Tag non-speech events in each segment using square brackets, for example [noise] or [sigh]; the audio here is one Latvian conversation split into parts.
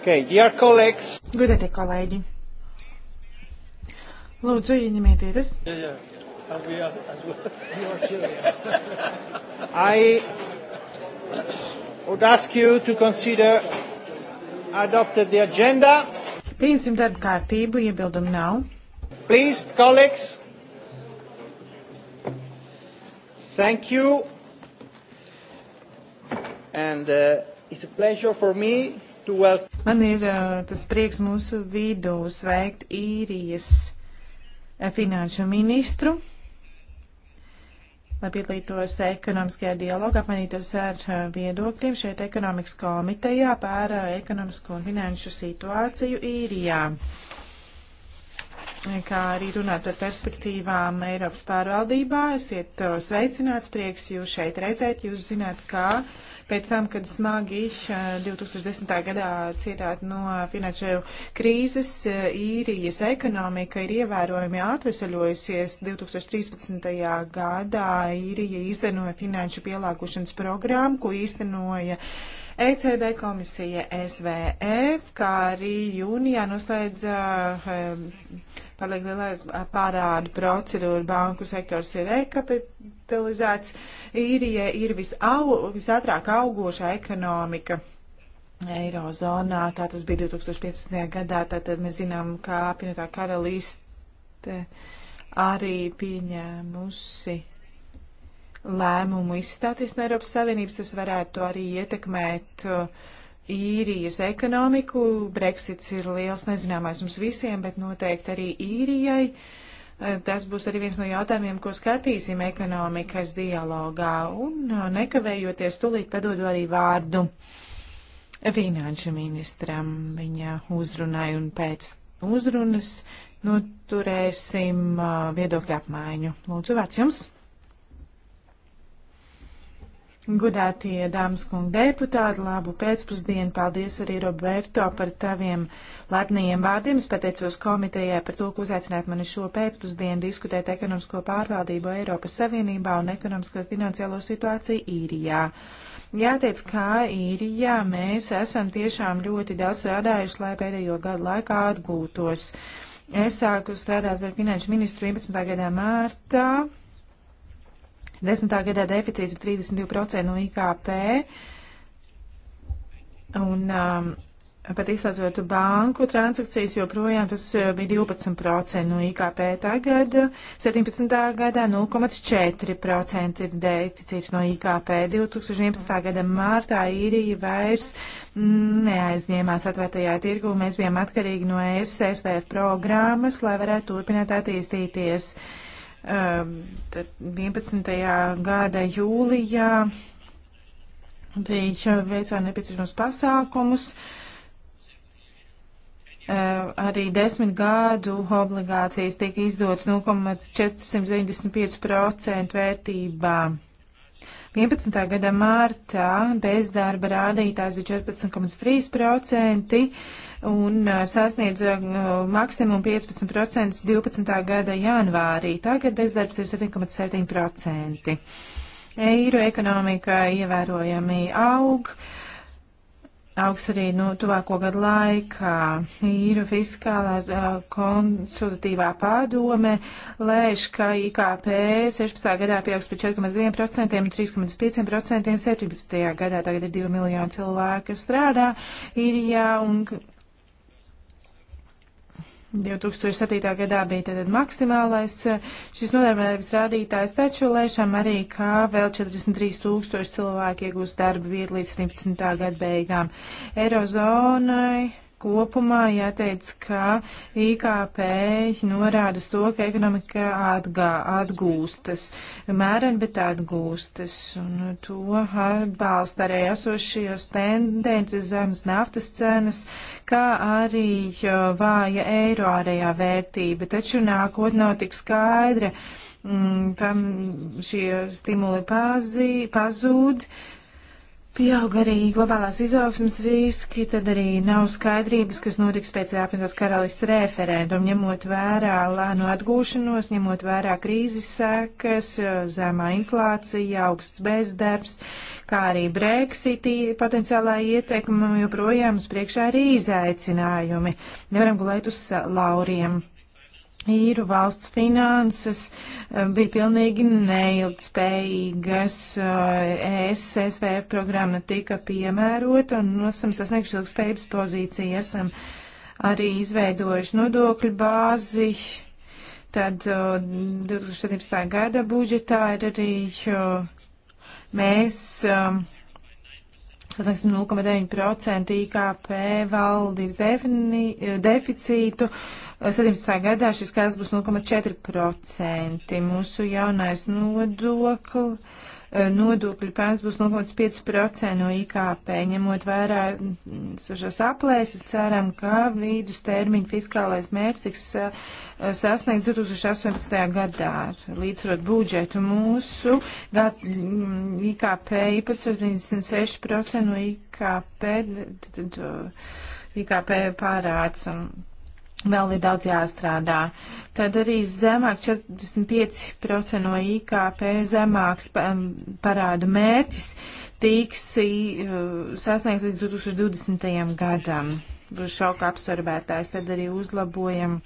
Okay, dear colleagues. Gudētie kolēģi. Lūdzu, ieņemieties. Yeah, yeah. well. I would ask you to consider adopted the agenda. Pieņemsim darba kārtību, iebildumu nav. Please, colleagues. Thank you. And uh, it's a pleasure for me Man ir tas prieks mūsu vidū sveikt īrijas finanšu ministru, lai piedalītos ekonomiskajā dialogā, apmainītos ar viedokļiem šeit ekonomikas komitejā par ekonomisko un finanšu situāciju īrijā kā arī runāt par perspektīvām Eiropas pārvaldībā. Esiet sveicināts, prieks jūs šeit redzēt. Jūs zināt, kā pēc tam, kad smagi 2010. Eh, gadā cietāt no finanšu krīzes, eh, īrijas ekonomika ir ievērojami atvesaļojusies. 2013. gadā īrija izdenoja finanšu pielāgošanas programmu, ko īstenoja. ECB komisija SVF, kā arī jūnijā noslēdza eh, pārliek lielais parādu procedūru banku sektors ir rekapitalizēts. Īrija ir visau, visatrāk augošā ekonomika. Eirozonā, tā tas bija 2015. gadā, tātad mēs zinām, ka apvienotā karalīste arī pieņēmusi lēmumu izstāties no Eiropas Savienības, tas varētu arī ietekmēt uh, īrijas ekonomiku. Brexits ir liels nezināmais mums visiem, bet noteikti arī īrijai. Eh, tas būs arī viens no jautājumiem, ko skatīsim ekonomikas dialogā. Un eh, nekavējoties, tulīt padodu arī vārdu finanšu ministram viņa uzrunai un pēc uzrunas noturēsim eh, viedokļu apmaiņu. Lūdzu, vārds jums! Gudātie dāmas kungi deputāti, labu pēcpusdienu, paldies arī Roberto par taviem lepniem vārdiem. Es pateicos komitejai par to, ka uzaicināt mani šo pēcpusdienu diskutēt ekonomisko pārvaldību Eiropas Savienībā un ekonomisko finansiālo situāciju īrijā. Jāteic, kā īrijā mēs esam tiešām ļoti daudz strādājuši, lai pēdējo gadu laikā atgūtos. Es sāku strādāt par finanšu ministru 11. gadā mārtā Desmitā gadā deficīts ir 32% no IKP. Un um, pat izslēdzot banku transakcijas, joprojām tas uh, bija 12% no IKP. Tagad 17. Uh, gadā 0,4% ir deficīts no IKP. 2011. gada mārtā īrija vairs neaizņēmās atvērtajā tirgu. Mēs bijām atkarīgi no SSVF programmas, lai varētu turpināt attīstīties. Uh, 11. Um, gada jūlijā bija veicā nepieciešamos pasākumus. Um, arī desmit gadu obligācijas tika izdotas 0,495% vērtībā. 11. gada mārtā bezdarba rādītājs bija 14,3%, un sasniedz maksimumu 15% 12. gada janvārī. Tagad bezdarbs ir 7,7%. Eiro ekonomika ievērojami aug augs arī nu, tuvāko gadu laikā. Īru fiskālā konsultatīvā padome lēš, ka IKP 16. gadā pieaugs par 4,2% un 3,5% 17. gadā. Tagad ir 2 miljoni cilvēku, kas strādā īrijā un 2007. gadā bija tad maksimālais eh, šis nodarbinātības rādītājs, taču lēšam arī, kā vēl 43 tūkstoši cilvēki iegūst darba vietu līdz 17. gada beigām. Eirozonai Kopumā jāteic, ka IKP norāda to, ka ekonomika atgā, atgūstas, mēreni, bet atgūstas, un to atbalsta arī esošajos tendences zemes naftas cenas, kā arī vāja eiro ārējā vērtība, taču nākotnē nav tik skaidra, mm, šie stimuli pazī, pazūd. Uh, Pieaug arī globālās izaugsmas riski, tad arī nav skaidrības, kas notiks pēc apvienotās karalists referendumu, ņemot vērā lēnu atgūšanos, ņemot vērā krīzes sekas, zemā inflācija, augsts bezdarbs, kā arī Brexiti potenciālā ietekme, joprojām uz priekšā ir izaicinājumi. Nevaram gulēt uz lauriem īru valsts finanses eh, bija pilnīgi neilgtspējīgas. Eh, SSVF programma tika piemērota un esam sasniegšu ilgspējības pozīciju. Esam arī izveidojuši nodokļu bāzi. Tad 2017. Eh, gada budžetā ir arī mēs sasniegsim 0,9% IKP valdības defini, deficītu. Uh, 17. gadā šis skaits būs 0,4%. Mūsu jaunais nodokli, eh, nodokļu pēns būs 0,5% no IKP. Ņemot vērā šos aplēses, ceram, ka vīdus termiņa fiskālais mērķis tiks eh, sasniegts 2018. gadā. Līdzsvarot budžetu mūsu gad, mm, IKP īpatsvars 96% no IKP. IKP pārāds. Un, vēl ir daudz jāstrādā. Tad arī zemāk 45% no IKP zemāks um, parādu mērķis tiks uh, sasniegts līdz 2020. gadam. Būs šauka absorbētājs, tad arī uzlabojam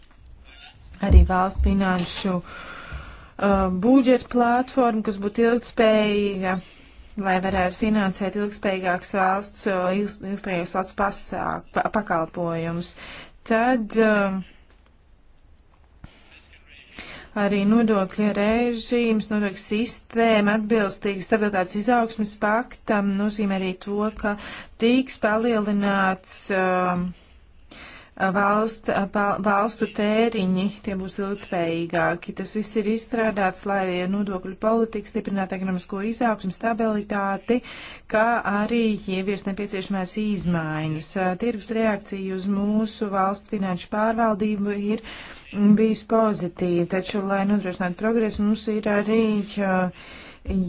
arī valsts finanšu uh, budžeta platformu, kas būtu ilgspējīga, lai varētu finansēt ilgspējīgāks valsts, uh, ilgspējīgāks valsts pasāk, pakalpojums. Tad uh, arī nodokļa režīms, nodokļa sistēma atbilstīgi stabilitātes izaugsmas paktam nozīmē arī to, ka tiks palielināts uh, valst, valstu tēriņi, tie būs ilgspējīgāki. Tas viss ir izstrādāts, lai nodokļu politika stiprinātu ekonomisko izaugsmu, stabilitāti, kā arī ievies nepieciešamās izmaiņas. Tirgus reakcija uz mūsu valsts finanšu pārvaldību ir bijusi pozitīva, taču, lai nodrošinātu progresu, mums ir arī. Uh,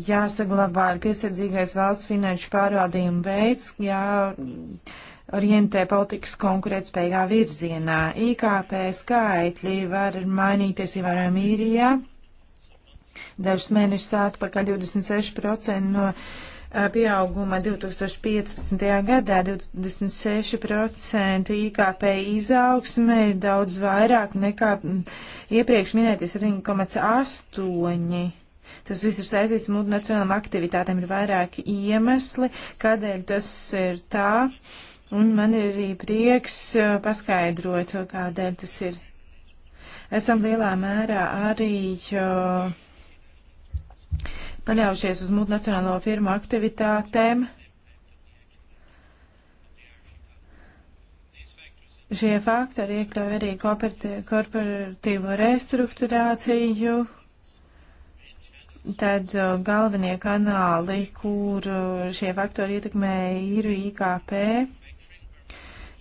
jāsaglabā piesardzīgais valsts finanšu pārvaldījuma veids, jā, orientē politikas konkurētspējīgā virzienā. IKP skaitļi var mainīties ievērojami īrijā. Dažus mēnešus atpakaļ 26% no pieauguma 2015. gadā 26% IKP izaugsme ir daudz vairāk nekā iepriekš minēties 7,8%. Tas viss ir saistīts ar multinacionālām aktivitātēm, ir vairāki iemesli, kādēļ tas ir tā. Uh, Un man ir arī prieks uh, paskaidrot, uh, kādēļ tas ir. Esam lielā mērā arī uh, paļaujušies uz multinacionālo firmu aktivitātēm. Šie faktori iekļauj arī korporatīvo restruktūrāciju, tad galvenie kanāli, kur šie faktori ietekmē, ir IKP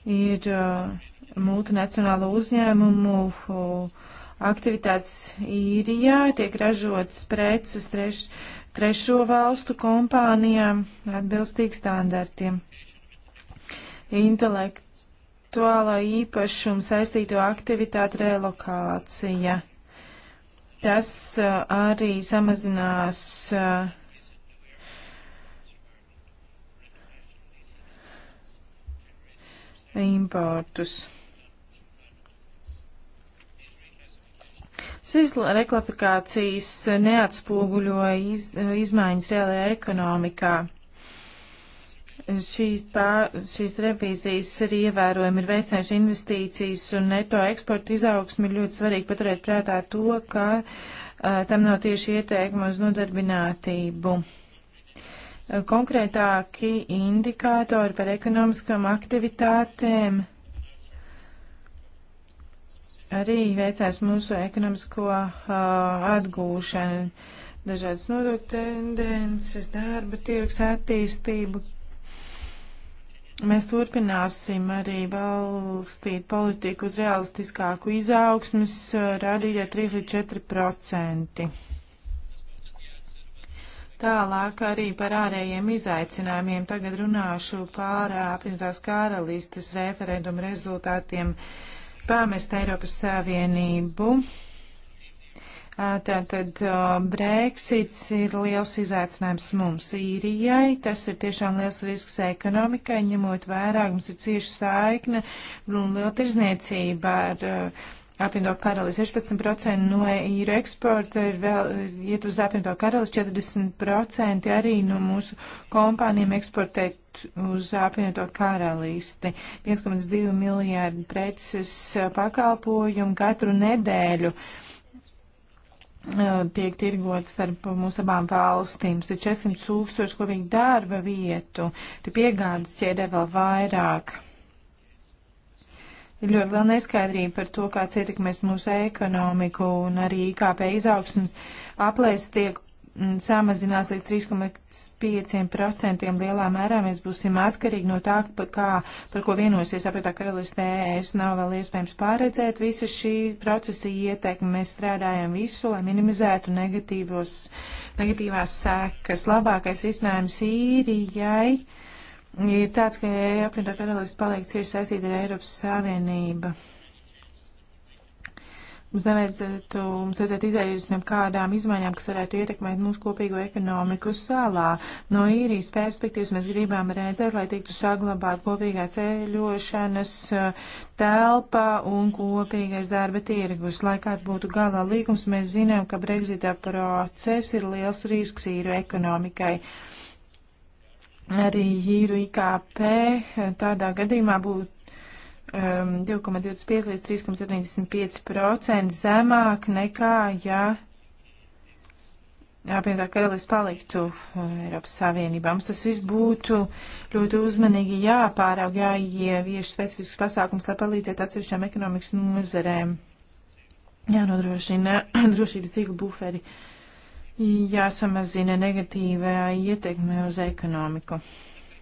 ir uh, multinacionālo uzņēmumu uh, aktivitātes īrijā, tiek ražotas preces treš, trešo valstu kompānijām atbilstīgi standartiem. Intelektuālā īpašuma saistīto aktivitātu relokācija. Tas uh, arī samazinās uh, importus. Šīs reklapifikācijas neatspoguļoja iz, izmaiņas reālajā ekonomikā. Šīs, pār, šīs revīzijas arī ievērojami ir veicinājuši investīcijas un neto eksporta izaugsmi ir ļoti svarīgi paturēt prātā to, ka uh, tam nav tieši ieteikuma uz nodarbinātību. Uh, konkrētāki indikātori par ekonomiskām aktivitātēm. Arī veicās mūsu ekonomisko uh, atgūšanu, dažādas nodokļu tendences, darba tirgus attīstību. Mēs turpināsim arī balstīt politiku uz realistiskāku izaugsmas radījā 3 līdz 4 procenti. Tālāk arī par ārējiem izaicinājumiem. Tagad runāšu par apvienotās karalistes referendumu rezultātiem pamest Eiropas Savienību. Tātad Brexits ir liels izaicinājums mums īrijai. Tas ir tiešām liels risks ekonomikai, ņemot vairāk, mums ir cieša saikne un liela tirzniecība ar uh, apvienoto karali 16% no īra e eksporta ir vēl iet uz apvienoto karali, 40% arī no mūsu kompānijām eksportēt uz apvienoto karalisti. 1,2 miljārdi preces eh, pakalpojumu katru nedēļu eh, tiek tirgots starp mūsu abām valstīm. Tur 400 tūkstoši kopīgi darba vietu, tur piegādas ķēdē vēl vairāk ir ļoti liela neskaidrība par to, kāds ietekmēs mūsu ekonomiku un arī IKP izaugsmas aplēs tiek mm, samazinās līdz 3,5% lielā mērā. Mēs būsim atkarīgi no tā, par, kā, par ko vienosies apietā karalistē. Es nav vēl iespējams pārredzēt visu šī procesa ietekmi. Mēs strādājam visu, lai minimizētu negatīvos, negatīvās sēkas. Labākais risinājums īrijai ir tāds, ka apvienotā karalists paliek cieši saistīta ar Eiropas Savienību. Mums nevajadzētu, mums vajadzētu izējus no kādām izmaiņām, kas varētu ietekmēt mūsu kopīgo ekonomiku salā. No īrijas perspektīvas mēs gribam redzēt, lai tiktu saglabāt kopīgā ceļošanas eh, telpa un kopīgais darba tirgus. Lai kāds būtu galā līgums, mēs zinām, ka Brexitā process ir liels risks īru ekonomikai. Uh, arī īru IKP tādā gadījumā būtu um, 2,25 līdz 3,75% zemāk nekā, ja apvienotā karalists paliktu Eiropas Savienībā. Mums tas viss būtu ļoti uzmanīgi jāpāraug, jāievieš specifiskus pasākums, lai palīdzētu atsevišķām ekonomikas nozerēm. Jānodrošina [clears throat] drošības tīkla buferi. Uh, jāsamazina negatīvā ietekme uz ekonomiku.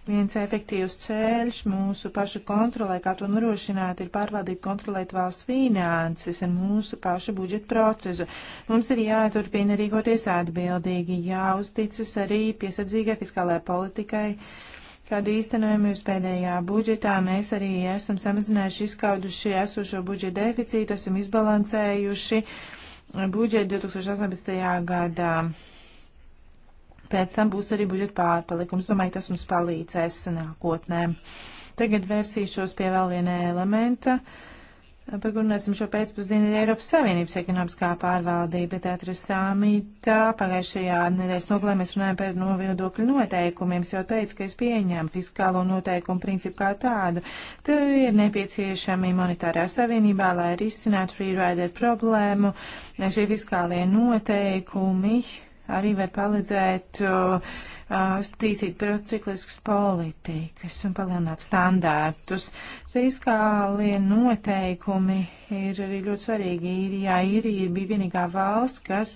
Viens efektīvs ceļš mūsu pašu kontrolē, kā to norošināt, ir pārvaldīt, kontrolēt valsts finanses un mūsu pašu budžeta procesu. Mums ir jāturpina rīkoties atbildīgi, jāuzticas arī piesardzīgai fiskālajai politikai. Kādu īstenojumu jūs pēdējā budžetā mēs arī esam samazinājuši, izskauduši esošo budžeta deficītu, esam izbalansējuši. Uh, budžetu 2018. gadā. Pēc tam būs arī budžeta pārpalikums. Domāju, tas mums palīdzēs nākotnē. Tagad vērsīšos pie vēl viena elementa. Uh, par kuru runāsim šo pēcpusdienu, ir Eiropas Savienības ekonomiskā pārvaldība. Teatras samitā pagājušajā nedēļas nogalē mēs runājam par noviedokļu noteikumiem. Es jau teicu, ka es pieņēmu fiskālo noteikumu principu kā tādu. Te ir nepieciešami monetārā savienībā, lai risinātu freerider problēmu. Šie fiskālie noteikumi arī var palīdzēt. Uh, Uh, attīstīt procikliskas politikas un palielināt standārtus. Fiskālie noteikumi ir arī ļoti svarīgi. Īrijā Īrija bija vienīgā valsts, kas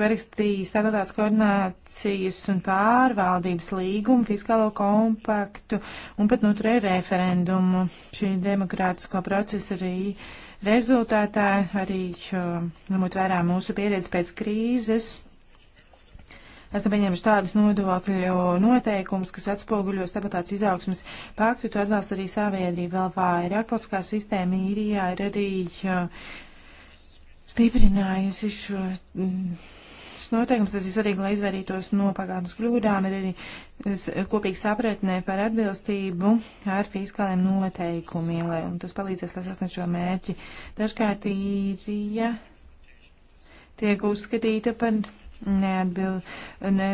parakstīja starptautās koordinācijas un pārvaldības līgumu, fiskālo kompaktu un pat noturēja referendumu. Šī demokrātisko procesa arī rezultātā, arī uh, ņemot vērā mūsu pieredzi pēc krīzes, esam pieņēmuši tādus nodokļu noteikumus, kas atspoguļo stabilitātes izaugsmas paktu, to atbalsta arī savienība vēl vairāk. Politiskā sistēma īrijā ir arī stiprinājusi šo. Mm, šis noteikums tas ir svarīgi, lai izvairītos no pagātnes kļūdām, ir arī kopīgi sapratnē par atbilstību ar fiskāliem noteikumiem, lai, un tas palīdzēs, lai sasniegtu šo mērķi. Dažkārt īrija tiek uzskatīta par neatbil, ne,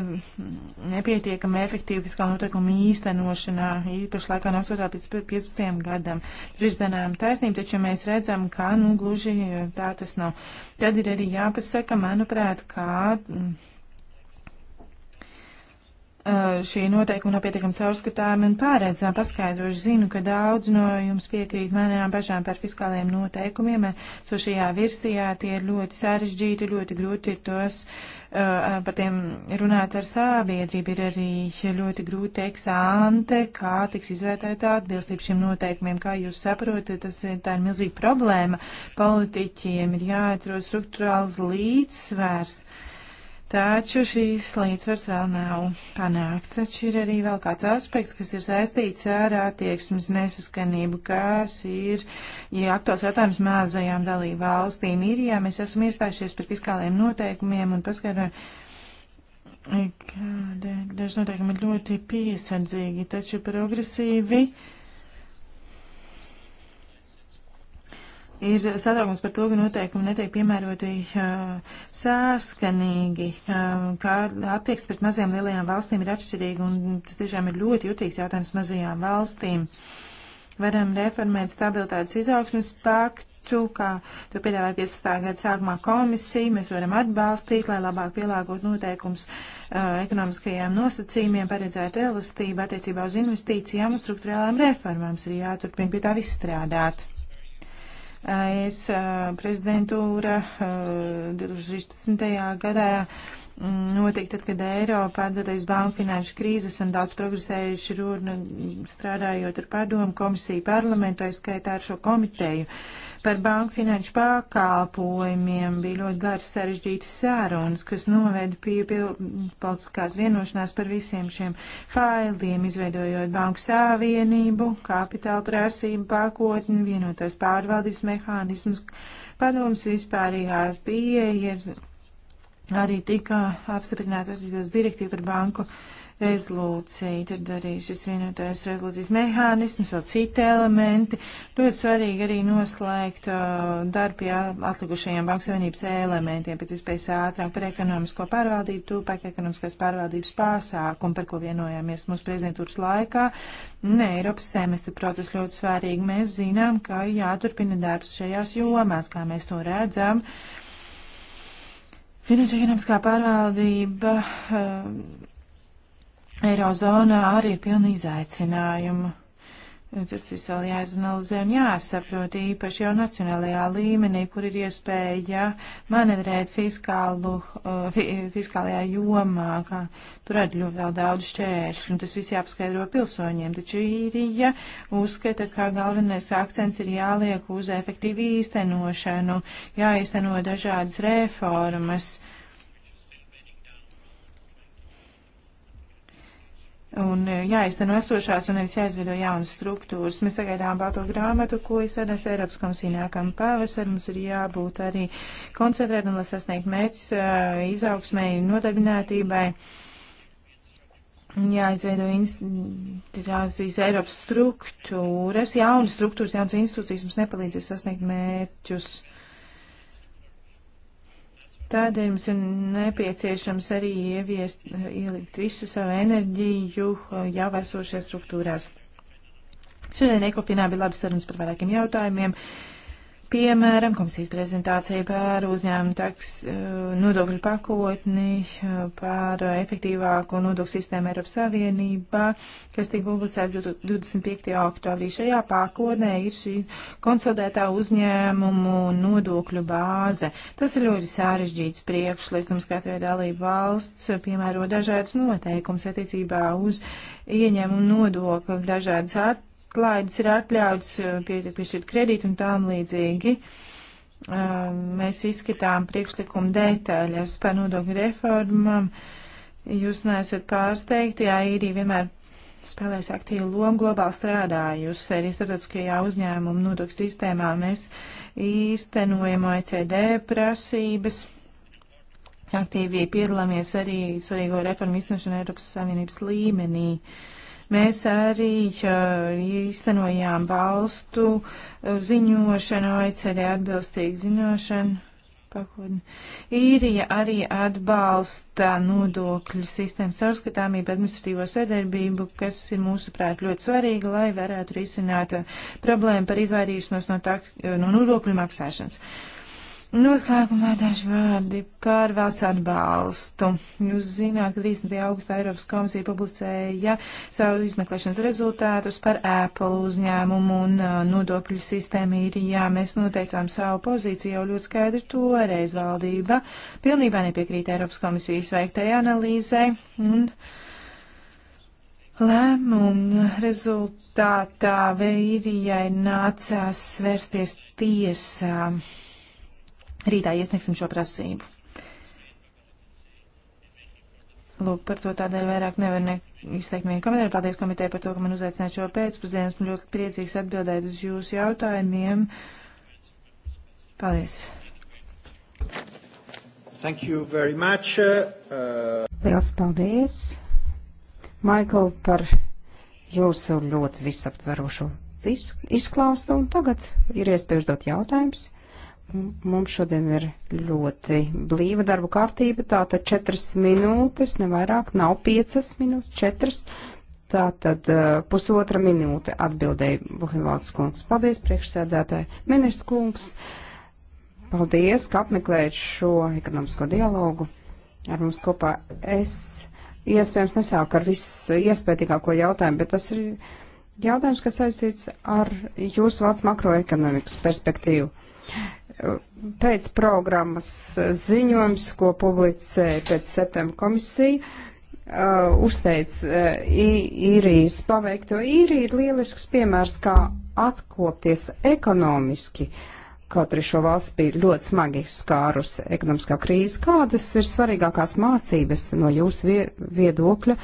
nepietiekami efektīva fiskāla noteikuma īstenošanā, īpaši laikā no 8. līdz 15. gadam. Tur ir zinām taisnība, taču mēs redzam, ka, nu, gluži tā tas nav. Tad ir arī jāpasaka, manuprāt, kā. Mm, Eh, šī noteikuma nav pietiekami caurskatāma un pārredzama. Eh, Paskaidroši zinu, ka daudz no jums piekrīt manām pašām par fiskālajiem noteikumiem, so šajā virsijā tie ir ļoti sarežģīti, ļoti grūti ir tos uh, par tiem runāt ar sabiedrību. Ir arī ļoti grūti eksāante, kā tiks izvērtēta atbilstība šiem noteikumiem. Kā jūs saprotat, tas ir tā ir milzīga problēma. Politiķiem ir jāatrod struktūrāls līdzsvers. Uh, Taču šīs līdzsvars vēl nav panākts. Taču ir arī vēl kāds aspekts, kas ir saistīts ar attieksmes nesaskanību, kas ir, ja aktuāls jautājums mazajām dalību valstīm ir, ja mēs esam iestājušies par fiskāliem noteikumiem un paskaidrojam, kāda daži noteikumi ir ļoti piesardzīgi, taču progresīvi. Uh, Ir satraukums par to, ka noteikumi netiek piemēroti uh, sārskanīgi, uh, kā attieksme pret mazajām lielajām valstīm ir atšķirīga, un tas tiešām ir ļoti jutīgs jautājums mazajām valstīm. Varam reformēt stabilitātes izaugsmes paktu, kā to piedāvāja 15. gada sākumā komisija, mēs varam atbalstīt, lai labāk pielāgot noteikums uh, ekonomiskajiem nosacījumiem, paredzētu elastību attiecībā uz investīcijām un struktūrālām reformām. Ir jāturpina pie tā viss strādāt es prezidentūra 2016. gadā notika tad, kad Eiropa atbildēja uz banku finanšu krīzes un daudz progresējuši runa strādājot ar padomu komisiju parlamentu, aizskaitā ar šo komiteju. Par banku finanšu pakalpojumiem bija ļoti garas sarežģītas sērunas, kas noveda pie politiskās vienošanās par visiem šiem failiem, izveidojot banku savienību, kapitāla prasību pakotni, vienotās pārvaldības mehānismus, padoms vispārīgā pieeja arī tika apstiprināta attiecībās direktīva par banku rezolūciju. Tad arī šis vienotais rezolūcijas mehānisms, vēl citi elementi. Ļoti svarīgi arī noslēgt uh, darbu pie atlikušajiem banku savienības elementiem, pēc iespējas ātrāk par ekonomisko pārvaldību, tūpāk ekonomiskās pārvaldības pasākumu, par ko vienojāmies mūsu prezidentūras laikā. Nē, Eiropas semestra process ļoti svarīgi. Mēs zinām, ka jāturpina darbs šajās jomās, kā mēs to redzam. Uh, Finanšu ekonomiskā pārvaldība uh, eh, Eirozonā arī ir pilna izaicinājuma. Tas viss vēl jāizanalizē un jāsaprot īpaši jau nacionālajā līmenī, kur ir iespēja manevrēt fiskālu, uh, fi, fiskālajā jomā, kā tur arī ļoti vēl daudz šķēršļu, un tas viss jāapskaidro pilsoņiem. Taču īrija uzskata, ka galvenais akcents ir jāliek uz efektīvu īstenošanu, jāīsteno dažādas reformas. Uh, un e, jāizteno esošās un nevis jāizveido jaunas struktūras. Mēs sagaidām balto grāmatu, ko izsēdās Eiropas komisija nākamā pavasarī. Mums ir jābūt arī koncentrēt un lai sasniegt mērķis e, izaugsmēji nodarbinātībai. Jāizveido institūcijas, Eiropas struktūras, jaunas struktūras, jaunas institūcijas mums nepalīdzēs sasniegt mērķus. Uh, Tādēļ mums ir nepieciešams arī ieviest, ielikt visu savu enerģiju eh, jau esošajās struktūrās. Šodien Ekofinā bija labas sarunas par vairākiem jautājumiem. Uh, Piemēram, komisijas prezentācija par uzņēmumu taks eh, nodokļu pakotni, eh, par efektīvāko nodokļu sistēmu Eiropas Savienībā, kas tika publicēts 25. oktobrī. Šajā pakotnē ir šī konsolidētā uzņēmumu nodokļu bāze. Tas ir ļoti sarežģīts priekšlikums, katrai dalību valsts piemēro dažādas noteikums attiecībā uz ieņēmumu nodokli, dažādas at klaidas ir atļauts eh, piešķirt kredītu un tām līdzīgi. Um, mēs izskatām priekšlikumu detaļas par nodokļu reformām. Jūs neesat pārsteigti, jā, īrija vienmēr spēlēs aktīvu lomu globāli strādājusi arī starptautiskajā uzņēmuma nodokļu sistēmā. Mēs īstenojam OECD prasības. Aktīvi piedalāmies arī svarīgo reformu iznošanu Eiropas Savienības līmenī. Uh, Mēs arī īstenojām valstu eh, ziņošanu, OECD atbilstīgu ziņošanu. Pakotni. Īrija arī atbalsta nodokļu sistēmas caurskatāmību, administratīvo sadarbību, kas ir mūsuprāt ļoti svarīga, lai varētu risināt eh, problēmu par izvairīšanos no, tā, no nodokļu maksāšanas. Uh, Noslēgumā daži vārdi par valsts atbalstu. Jūs zināt, ka 30. augustā Eiropas komisija publicēja savu izmeklēšanas rezultātus par Apple uzņēmumu un uh, nodokļu sistēmu īrijā. Mēs noteicām savu pozīciju jau ļoti skaidri toreiz valdība. Pilnībā nepiekrīt Eiropas komisijas veiktai analīzai un lēmumu rezultātā Veirijai nācās svērsties tiesām Rītā iesniegsim šo prasību. Lūk, par to tādēļ vairāk nevar ne izteikt vienu komentāru. Paldies komiteja par to, ka man uzaicināja šo pēcpusdienu. Esmu ļoti priecīgs atbildēt uz jūsu jautājumiem. Paldies! Thank you very much. Uh... uh Liels paldies, Maikl, par jūsu ļoti visaptverošo izklāstu. Un tagad ir iespējas dot jautājums. Mums šodien ir ļoti blīva darba kārtība, tātad četras minūtes, nevairāk, nav piecas minūtes, četras, tātad uh, pusotra minūte atbildēja Buhenvalds kungs. Paldies, priekšsēdētāji, ministrs kungs, paldies, ka apmeklējat šo ekonomisko dialogu ar mums kopā. Es iespējams nesāku ar visu iespējīgāko jautājumu, bet tas ir jautājums, kas saistīts ar jūsu valsts makroekonomikas perspektīvu. Pēc programmas ziņojums, ko publicēja pēc septembra komisija, uh, uzteic uh, īrijas paveikto. Īrija ir lielisks piemērs, kā atkopties ekonomiski. Kaut arī šo valsts bija ļoti smagi skārusi ekonomiskā krīze, kādas ir svarīgākās mācības no jūsu vie viedokļa?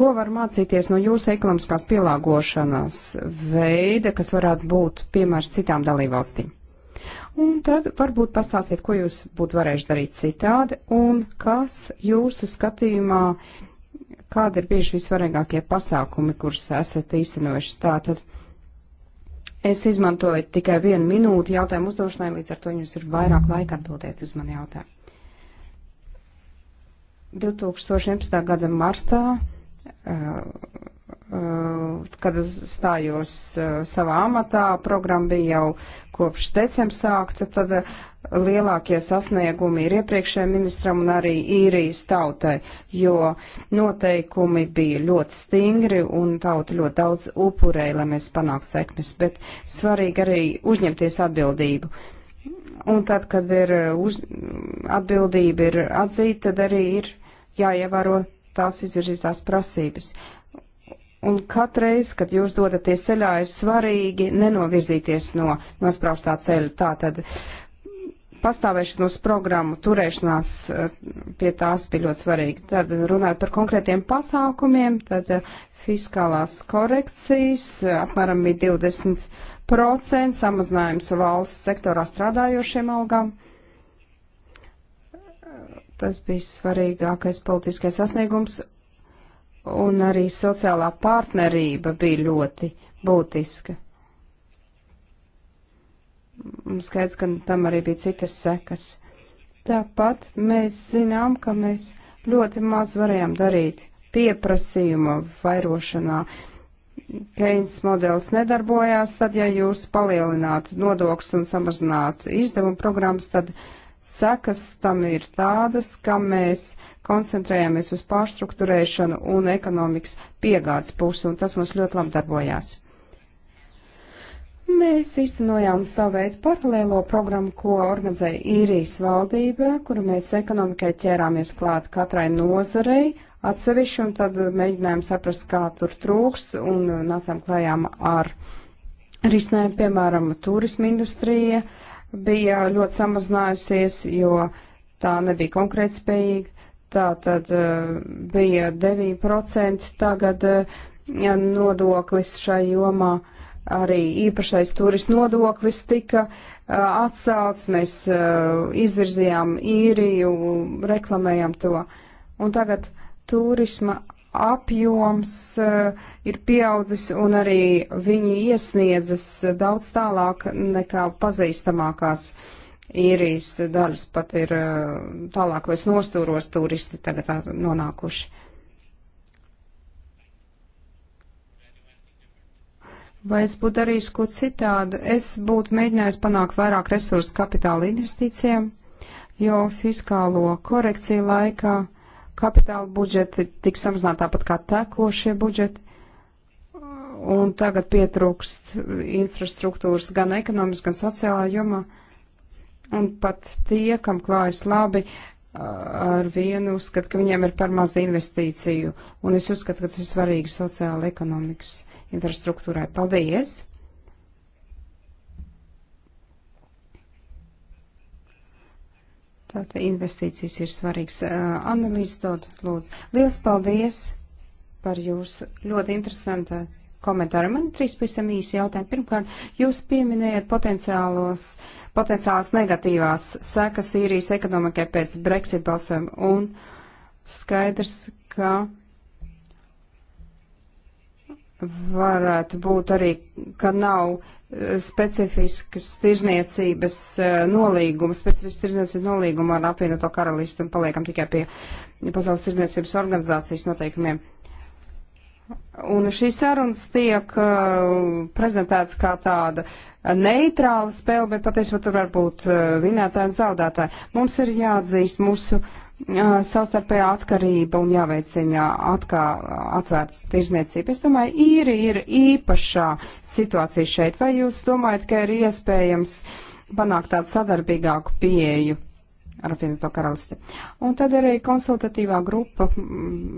Ko var mācīties no jūsu ekonomiskās pielāgošanās veida, kas varētu būt piemērs citām dalībvalstīm? Un tad varbūt pastāstiet, ko jūs būtu varējuši darīt citādi un kas jūsu skatījumā, kāda ir bieži visvarīgākie pasākumi, kurus esat īstenojuši. Tātad es izmantoju tikai vienu minūti jautājumu uzdošanai, līdz ar to jums ir vairāk laika atbildēt uz mani jautājumu. 2011. gada martā uh, Uh, kad stājos uh, savā amatā, programma bija jau kopš decembra sākta, tad uh, lielākie sasniegumi ir iepriekšējiem ministram un arī īrijas tautai, jo noteikumi bija ļoti stingri un tauta ļoti daudz upurēja, lai mēs panāktu sekmes, bet svarīgi arī uzņemties atbildību. Un tad, kad ir uz, atbildība ir atzīta, tad arī ir jāievēro tās izvirzītās prasības. Uh, Un katreiz, kad jūs dodaties ceļā, ir svarīgi nenovirzīties no nospraustā ceļa. Tātad pastāvēšanos programmu, turēšanās eh, pie tās bija ļoti svarīgi. Tad runājot par konkrētiem pasākumiem, tad eh, fiskālās korekcijas eh, apmēram bija 20% samazinājums valsts sektorā strādājošiem algām. Tas bija svarīgākais politiskais sasniegums un arī sociālā partnerība bija ļoti būtiska. Skaidrs, ka tam arī bija citas sekas. Tāpat mēs zinām, ka mēs ļoti maz varējām darīt pieprasījuma vairošanā. Keins modelis nedarbojās, tad, ja jūs palielinātu nodokļus un samazinātu izdevumu programmas, tad uh, Sekas tam ir tādas, ka mēs koncentrējamies uz pārstruktūrēšanu un ekonomikas piegādes pusi, un tas mums ļoti labi darbojās. Mēs īstenojām savu veidu paralēlo programmu, ko organizēja īrijas valdība, kuru mēs ekonomikai ķērāmies klāt katrai nozarei atsevišķi, un tad mēģinājām saprast, kā tur trūkst, un nācām klājām ar risinājumu, piemēram, turismu industrija. Uh, bija ļoti samazinājusies, jo tā nebija konkrēti spējīga. Tā tad uh, bija 9% tagad uh, nodoklis šai jomā. Arī īpašais turis nodoklis tika uh, atcelts, mēs izvirzījām īriju, reklamējām to. Un tagad turisma apjoms eh, ir pieaudzis un arī viņi iesniedzas daudz tālāk nekā pazīstamākās īrijas daļas, pat ir eh, tālākos nostūros turisti tagad nonākuši. Vai es būtu darījis ko citādu? Es būtu mēģinājis panākt vairāk resursu kapitāla investīcijām, jo fiskālo korekciju laikā kapitāla budžeti tiks samazināti tāpat kā tekošie budžeti. Un tagad pietrūkst infrastruktūras gan ekonomiski, gan sociālā jomā. Un pat tie, kam klājas labi, ar vienu uzskatu, ka viņiem ir par maz investīciju. Un es uzskatu, ka tas ir svarīgi sociāla ekonomikas infrastruktūrai. Paldies! Tātad investīcijas ir svarīgs. Analīze dod, lūdzu. Liels paldies par jūsu ļoti interesantu komentāru. Man trīs pavisam īsi jautājumi. Pirmkārt, jūs pieminējat potenciālos, potenciālas negatīvās sekas īrijas ekonomikai pēc Brexit balsojuma un skaidrs, ka varētu būt arī, ka nav specifiskas tirzniecības eh, nolīguma, specifiskas tirzniecības nolīguma ar apvienoto karalistu un paliekam tikai pie Pasaules tirzniecības organizācijas noteikumiem. Un šīs sarunas tiek eh, prezentētas kā tāda neitrāla spēle, bet patiesībā tur var būt eh, vinētāji un zaudētāji. Mums ir jāatzīst mūsu uh, savstarpējā atkarība un jāveicina atkā, atvērts tirzniecība. Es domāju, īri ir īpašā situācija šeit. Vai jūs domājat, ka ir iespējams panākt tādu sadarbīgāku pieeju? ar apvienoto karalisti. Un tad arī konsultatīvā grupa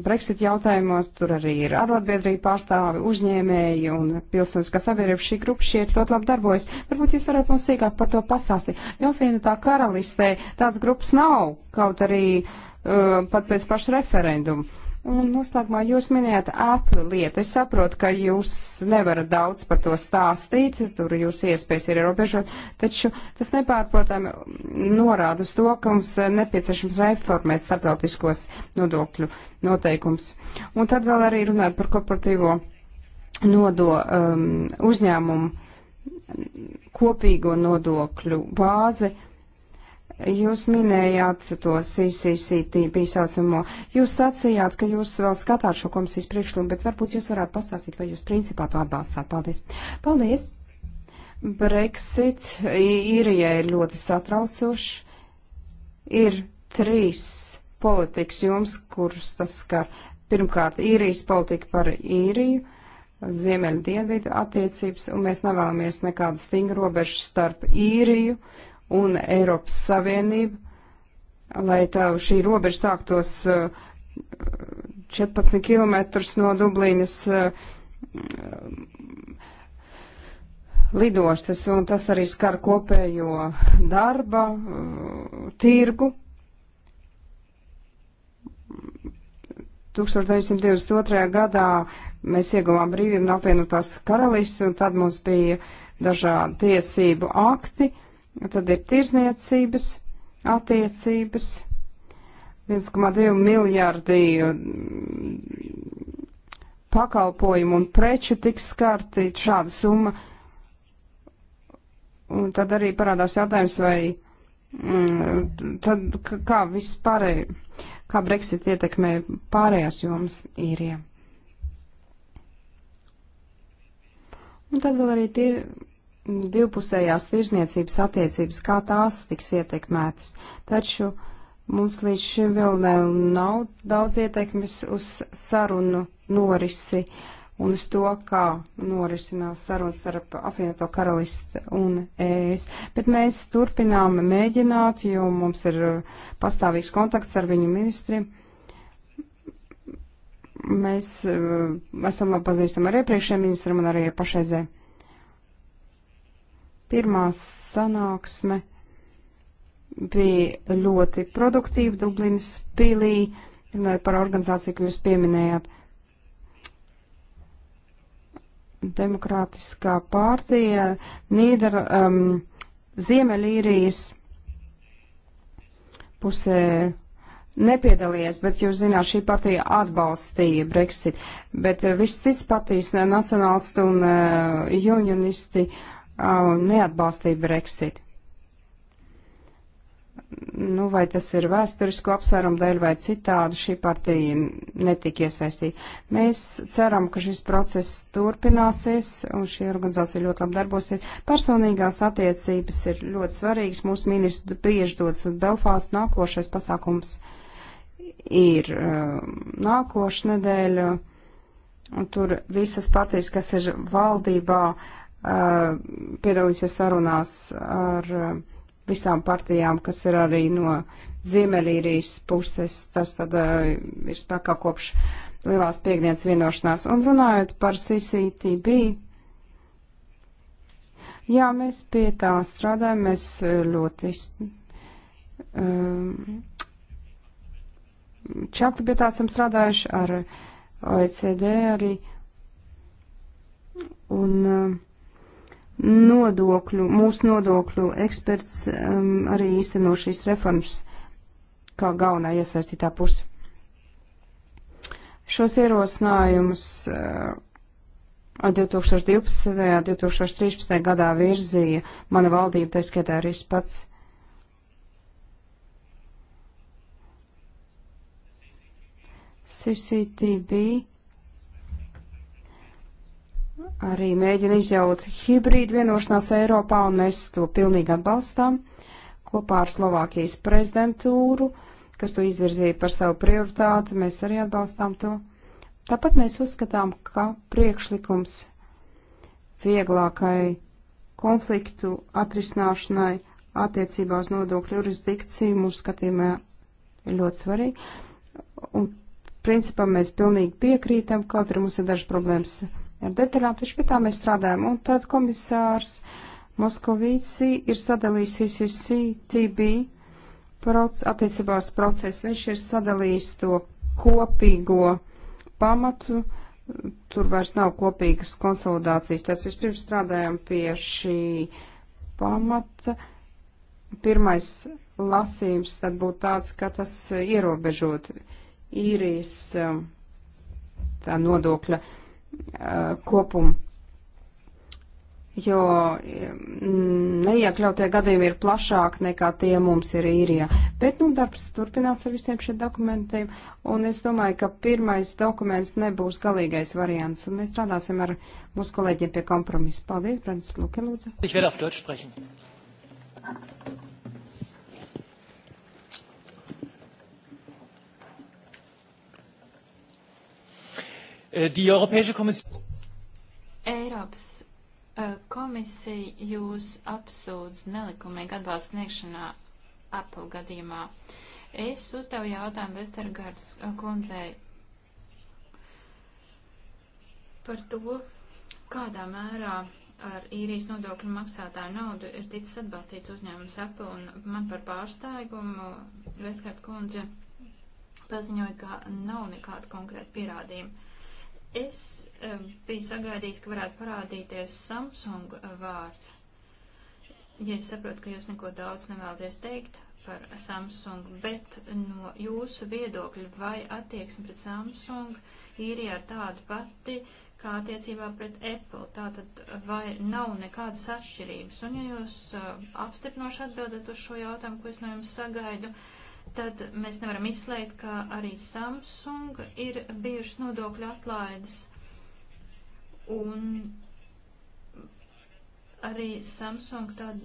Brexit jautājumos, tur arī ir arotbiedrība pārstāvi, uzņēmēji un pilsoniskā sabiedrība. Šī grupa šiet ļoti labi darbojas. Varbūt jūs varat mums sīkāk par to pastāstīt. Jo apvienotā karalistē tāds grupas nav, kaut arī uh, pat pēc paša referenduma. Un noslēgumā jūs minējāt Apple lietu. Es saprotu, ka jūs nevarat daudz par to stāstīt, tur jūs iespējas ir ierobežot, taču tas nepārprotami norāda uz to, ka mums nepieciešams reformēt starptautiskos nodokļu noteikums. Un tad vēl arī runāt par korporatīvo nodo um, uzņēmumu kopīgo nodokļu bāzi Jūs minējāt to CCCTP saucamo. Jūs sacījāt, ka jūs vēl skatāt šo komisijas priekšlikumu, bet varbūt jūs varētu pastāstīt, vai jūs principā to atbalstāt. Paldies. Paldies. Brexit īrijai ir ļoti satraucoši. Ir trīs politikas jums, kuras tas skar. Pirmkārt, īrijas politika par īriju. Ziemeļu dienvidu attiecības, un mēs nevēlamies nekādu stingru robežu starp īriju un Eiropas Savienību, lai tā šī robeža sāktos 14 eh, km no Dublīnas eh, lidostas, un tas arī skar kopējo darba eh, tirgu. 1922. gadā mēs ieguvām brīvību no apvienotās karalists, un tad mums bija dažādi tiesību akti. Uh, Tad ir tirzniecības attiecības. 1,2 miljārdi mm, pakalpojumu un preču tiks skarti šāda summa. Un tad arī parādās jautājums, vai mm, tad kā vispārēj, kā Brexit ietekmē pārējās jomas īrija. Un tad vēl arī tir, divpusējās tirzniecības attiecības, kā tās tiks ietekmētas. Taču mums līdz šim vēl nav daudz ietekmes uz sarunu norisi un uz to, kā norisinās sarunas starp apvienoto karalistu un ES. Bet mēs turpinām mēģināt, jo mums ir pastāvīgs kontakts ar viņu ministriem mēs uh, esam labi pazīstami ar iepriekšējiem ministriem un arī pašreizē. Pirmā sanāksme bija ļoti produktīva Dublinas pilī, runājot par organizāciju, ko jūs pieminējāt. Demokrātiskā pārtīja Nīdera um, Ziemeļīrijas pusē nepiedalījies, bet jūs zināt, šī partija atbalstīja Brexit, bet uh, viss cits partijas, nacionālisti un uh, unionisti uh, neatbalstīja Brexit. Nu, vai tas ir vēsturisku apsvērumu dēļ vai citādi, šī partija netika iesaistīta. Mēs ceram, ka šis process turpināsies un šī organizācija ļoti labi darbosies. Personīgās attiecības ir ļoti svarīgas. Mūsu ministru bieži dodas uz Belfāstu. Nākošais pasākums ir uh, nākošais nedēļa. Un tur visas partijas, kas ir valdībā, uh, Uh, piedalīsies sarunās ar uh, visām partijām, kas ir arī no Ziemeļīrijas puses. Tas tad uh, ir spēkā kopš lielās piekdienas vienošanās. Un runājot par CCTB, jā, mēs pie tā strādājam, mēs ļoti. Um, Čakti pie tā esam strādājuši ar OECD arī. Un, uh, nodokļu, mūsu nodokļu eksperts um, arī īsteno šīs reformas kā galvenā iesaistītā puse. Šos ierosinājumus uh, 2012. un 2013. gadā virzīja mana valdība, tā skaitā arī es pats. CCTB arī mēģina izjaut hibrīdu vienošanās Eiropā, un mēs to pilnīgi atbalstām kopā ar Slovākijas prezidentūru, kas to izvirzīja par savu prioritāti, mēs arī atbalstām to. Tāpat mēs uzskatām, ka priekšlikums vieglākai konfliktu atrisināšanai attiecībā uz nodokļu jurisdikciju mūsu skatījumā ir ļoti svarīgi. Un principā mēs pilnīgi piekrītam, kaut arī mums ir dažas problēmas ar detaļām, taču pie tā mēs strādājam. Un tad komisārs Moskovīci ir sadalījis CCCTB proc attiecībās procesu. Viņš ir sadalījis to kopīgo pamatu. Tur vairs nav kopīgas konsolidācijas. Tāpēc vispirms strādājam pie šī pamata. Pirmais lasījums tad būtu tāds, ka tas ierobežot īrijas um, tā nodokļa uh, kopumu. Jo mm, neiekļautie gadījumi ir plašāk nekā tie mums ir īrijā. Bet, nu, darbs turpinās ar visiem šiem dokumentiem, un es domāju, ka pirmais dokuments nebūs galīgais variants, un mēs strādāsim ar mūsu kolēģiem pie kompromisa. Paldies, Brandis Luke, lūdzu. Eh, die Europäische Kommission. Eiropas eh, komisija jūs apsūdz nelikumīgi atbalstu sniegšanā Apple gadījumā. Es uzdevu jautājumu Vestergārdas eh, kundzei par to, kādā mērā ar īrijas nodokļu maksātāju naudu ir ticis atbalstīts uzņēmums Apple, un man par pārstājumu Vestkārds kundze paziņoja, ka nav nekāda konkrēta pierādījuma. Es um, biju sagaidījis, ka varētu parādīties Samsung uh, vārds. Ja es saprotu, ka jūs neko daudz nevēlaties teikt par Samsung, bet no jūsu viedokļa vai attieksme pret Samsung īrijā ir tāda pati, kā attiecībā pret Apple. Tātad vai nav nekādas atšķirības? Un ja jūs uh, apstiprinoši atbildat uz šo jautājumu, ko es no jums sagaidu, uh, tad mēs nevaram izslēgt, ka arī Samsung ir bijušas nodokļu atlaides. Un arī Samsung tād,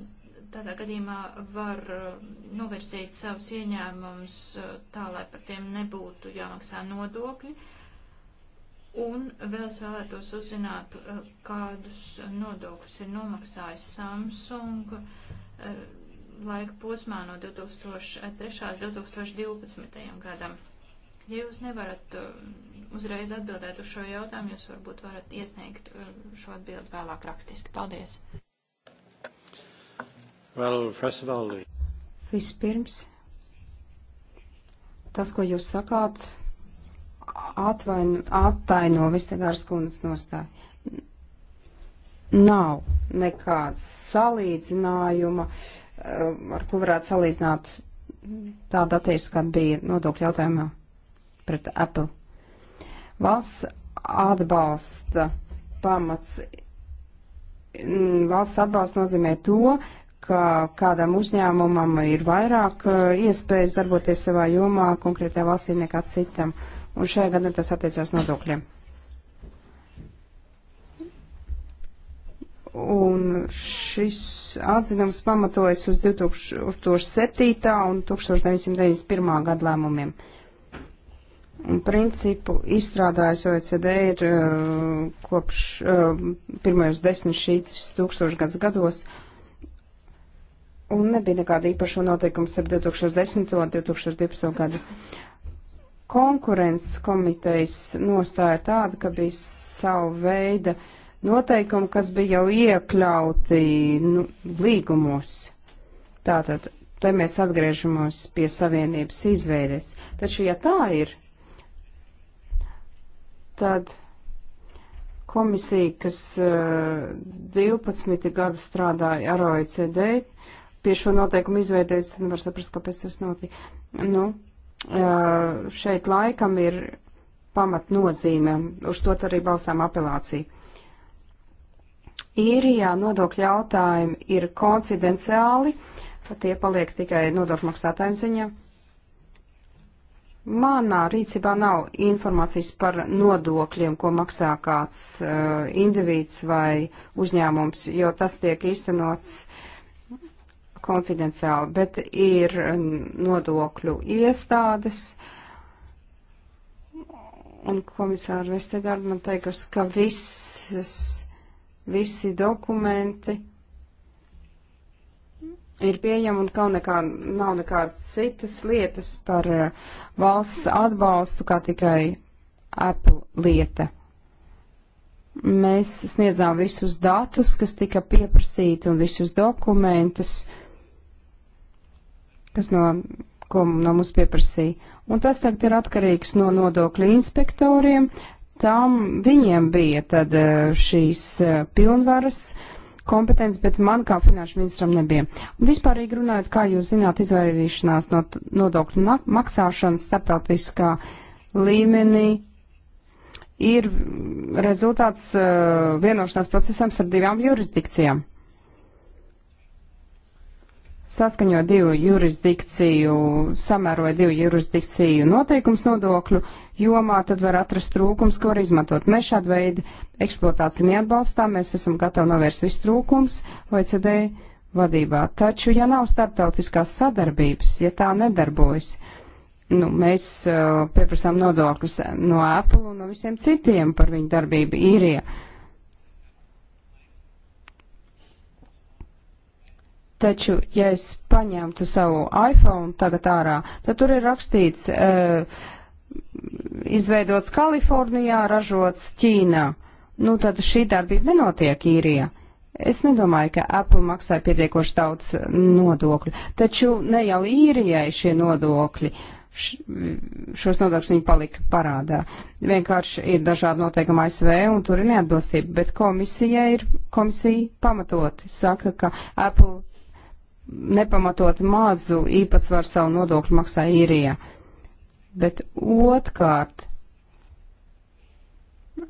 tādā gadījumā var uh, novirzīt savus ieņēmumus uh, tā, lai par tiem nebūtu jāmaksā nodokļi. Un vēl es vēlētos uzzināt, uh, kādus nodokļus ir nomaksājis Samsung laika posmā no 2003. līdz 2012. gadam. Ja jūs nevarat uh, uzreiz atbildēt uz šo jautājumu, jūs varbūt varat iesniegt uh, šo atbildi vēlāk rakstiski. Paldies! Well, all... Vispirms, tas, ko jūs sakāt, atvaino, attaino Vistegāras kundzes nostāju. Nav nekāds salīdzinājuma. Uh, Um, ar ko varētu salīdzināt tāda attieksme, kāda bija nodokļu jautājumā pret Apple. Valsts atbalsta pamats. Valsts atbalsts nozīmē to, ka kādam uzņēmumam ir vairāk uh, iespējas darboties savā jomā konkrētajā valstī nekā citam. Un šajā gadā tas attiecās nodokļiem. Un šis atzinums pamatojas uz 2007. un 1991. gadu lēmumiem. Un principu izstrādājas OECD ir uh, kopš uh, pirmajos desmit šīs tūkstošgads gados. Un nebija nekāda īpaša noteikuma starp 2010. un 2012. gadu. Konkurences komitejas nostāja tāda, ka bija savu veidu uh, noteikumi, kas bija jau iekļauti nu, līgumos. Tātad, te mēs atgriežamies pie savienības izveides. Taču, ja tā ir, tad komisija, kas uh, eh, 12 gadu strādāja ar OECD, pie šo noteikumu izveidojas, tad nevar saprast, kāpēc tas notika. Nu, uh, šeit laikam ir pamatnozīme, uz to arī balstām apelāciju. Īrijā nodokļu jautājumi ir konfidenciāli, tie paliek tikai nodokļu maksātājiem ziņā. Manā rīcībā nav informācijas par nodokļiem, ko maksā kāds uh, individs vai uzņēmums, jo tas tiek īstenots konfidenciāli, bet ir nodokļu iestādes. Un komisāra Vestegārda man teikas, ka visas visi dokumenti ir pieejami un nav, nekā, nav nekādas citas lietas par eh, valsts atbalstu, kā tikai Apple lieta. Mēs sniedzām visus datus, kas tika pieprasīti, un visus dokumentus, kas no, ko no mums pieprasīja. Un tas tagad ir atkarīgs no nodokļu inspektoriem tam viņiem bija tad eh, šīs eh, pilnvaras kompetences, bet man kā finanšu ministram nebija. Un vispārīgi runājot, kā jūs zināt, izvairīšanās no nodokļu maksāšanas starptautiskā līmenī ir rezultāts uh, vienošanās procesam starp divām jurisdikcijām saskaņo divu jurisdikciju, samēroja divu jurisdikciju noteikums nodokļu jomā, tad var atrast trūkums, ko var izmantot. Mēs šādu veidu eksploatāciju neatbalstām, mēs esam gatavi novērst visu trūkums OECD vadībā. Taču, ja nav starptautiskās sadarbības, ja tā nedarbojas, nu, mēs uh, pieprasām nodokļus no Apple un no visiem citiem par viņu darbību īrijā. Ja Taču, ja es paņemtu savu iPhone tagad ārā, tad tur ir rakstīts, e, izveidots Kalifornijā, ražots Ķīnā. Nu, tad šī darbība nenotiek īrijā. Es nedomāju, ka Apple maksā pietiekoši daudz nodokļu, taču ne jau īrijai šie nodokļi, šos nodokļus viņi palika parādā. Vienkārši ir dažādi noteikumi ASV un tur ir neatbilstība, bet komisija ir, komisija pamatoti saka, ka Apple nepamatot mazu īpatsvaru savu nodokļu maksā īrijā. Bet otrkārt,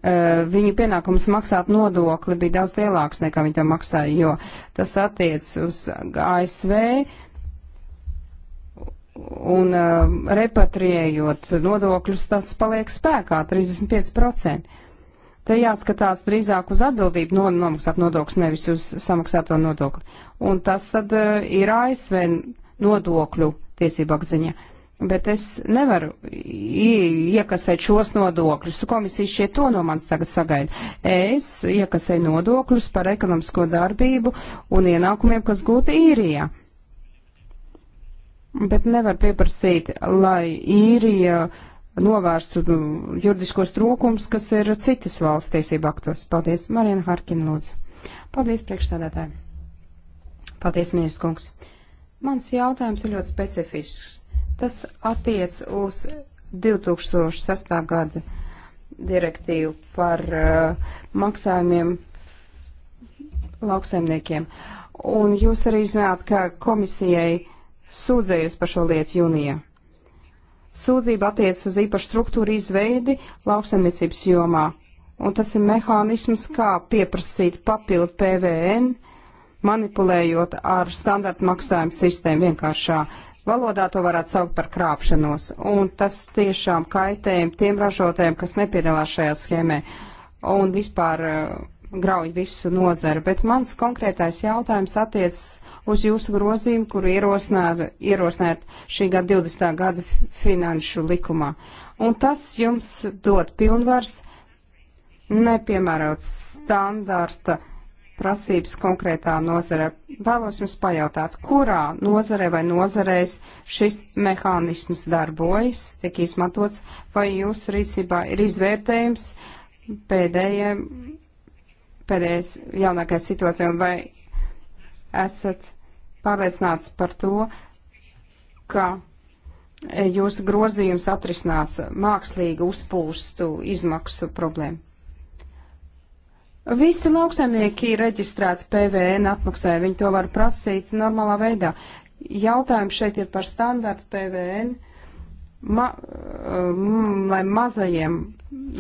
eh, viņu pienākums maksāt nodokli bija daudz lielāks nekā viņi to maksāja, jo tas attiec uz ASV un eh, repatriējot nodokļus, tas paliek spēkā 35%. Te jāskatās drīzāk uz atbildību no, nomaksāt nodokļus, nevis uz samaksāto nodokli. Un tas tad uh, ir ASV nodokļu tiesību apziņa. Bet es nevaru iekasēt šos nodokļus. Komisija šeit to no manis tagad sagaida. Es iekasēju nodokļus par ekonomisko darbību un ienākumiem, kas gūti īrijā. Bet nevar pieprasīt, lai īrija. Uh, novērstu nu, juridiskos trūkums, kas ir citas valsts tiesību aktos. Paldies, Marina Harkina, lūdzu. Paldies, priekšstādātāji. Paldies, Mīras kungs. Mans jautājums ir ļoti specifisks. Tas attiec uz 2006. gada direktīvu par uh, maksājumiem lauksaimniekiem. Un jūs arī zināt, ka komisijai sūdzējus par šo lietu jūnijā. Sūdzība attiec uz īpašu struktūru izveidi lauksaimniecības jomā, un tas ir mehānisms, kā pieprasīt papildu PVN, manipulējot ar standarta maksājumu sistēmu vienkāršā valodā to varētu saukt par krāpšanos, un tas tiešām kaitējumi tiem ražotājiem, kas nepiedalās šajā schēmē, un vispār uh, grauj visu nozaru. Bet mans konkrētais jautājums attiecas uz jūsu grozījumu, kuru ierosināt, ierosināt šī gada 20. gada finanšu likumā. Un tas jums dod pilnvars nepiemērot standarta prasības konkrētā nozarē. Vēlos jums pajautāt, kurā nozarē vai nozarēs šis mehānisms darbojas, tiek izmantots, vai jūs rīcībā ir izvērtējums pēdējiem, pēdējais jaunākais situācija, vai esat pārliecināts par to, ka jūsu grozījums atrisinās mākslīgu uzpūstu izmaksu problēmu. Visi lauksaimnieki ir reģistrēti PVN atmaksē, viņi to var prasīt normālā veidā. Jautājums šeit ir par standartu PVN, ma, um, lai mazajiem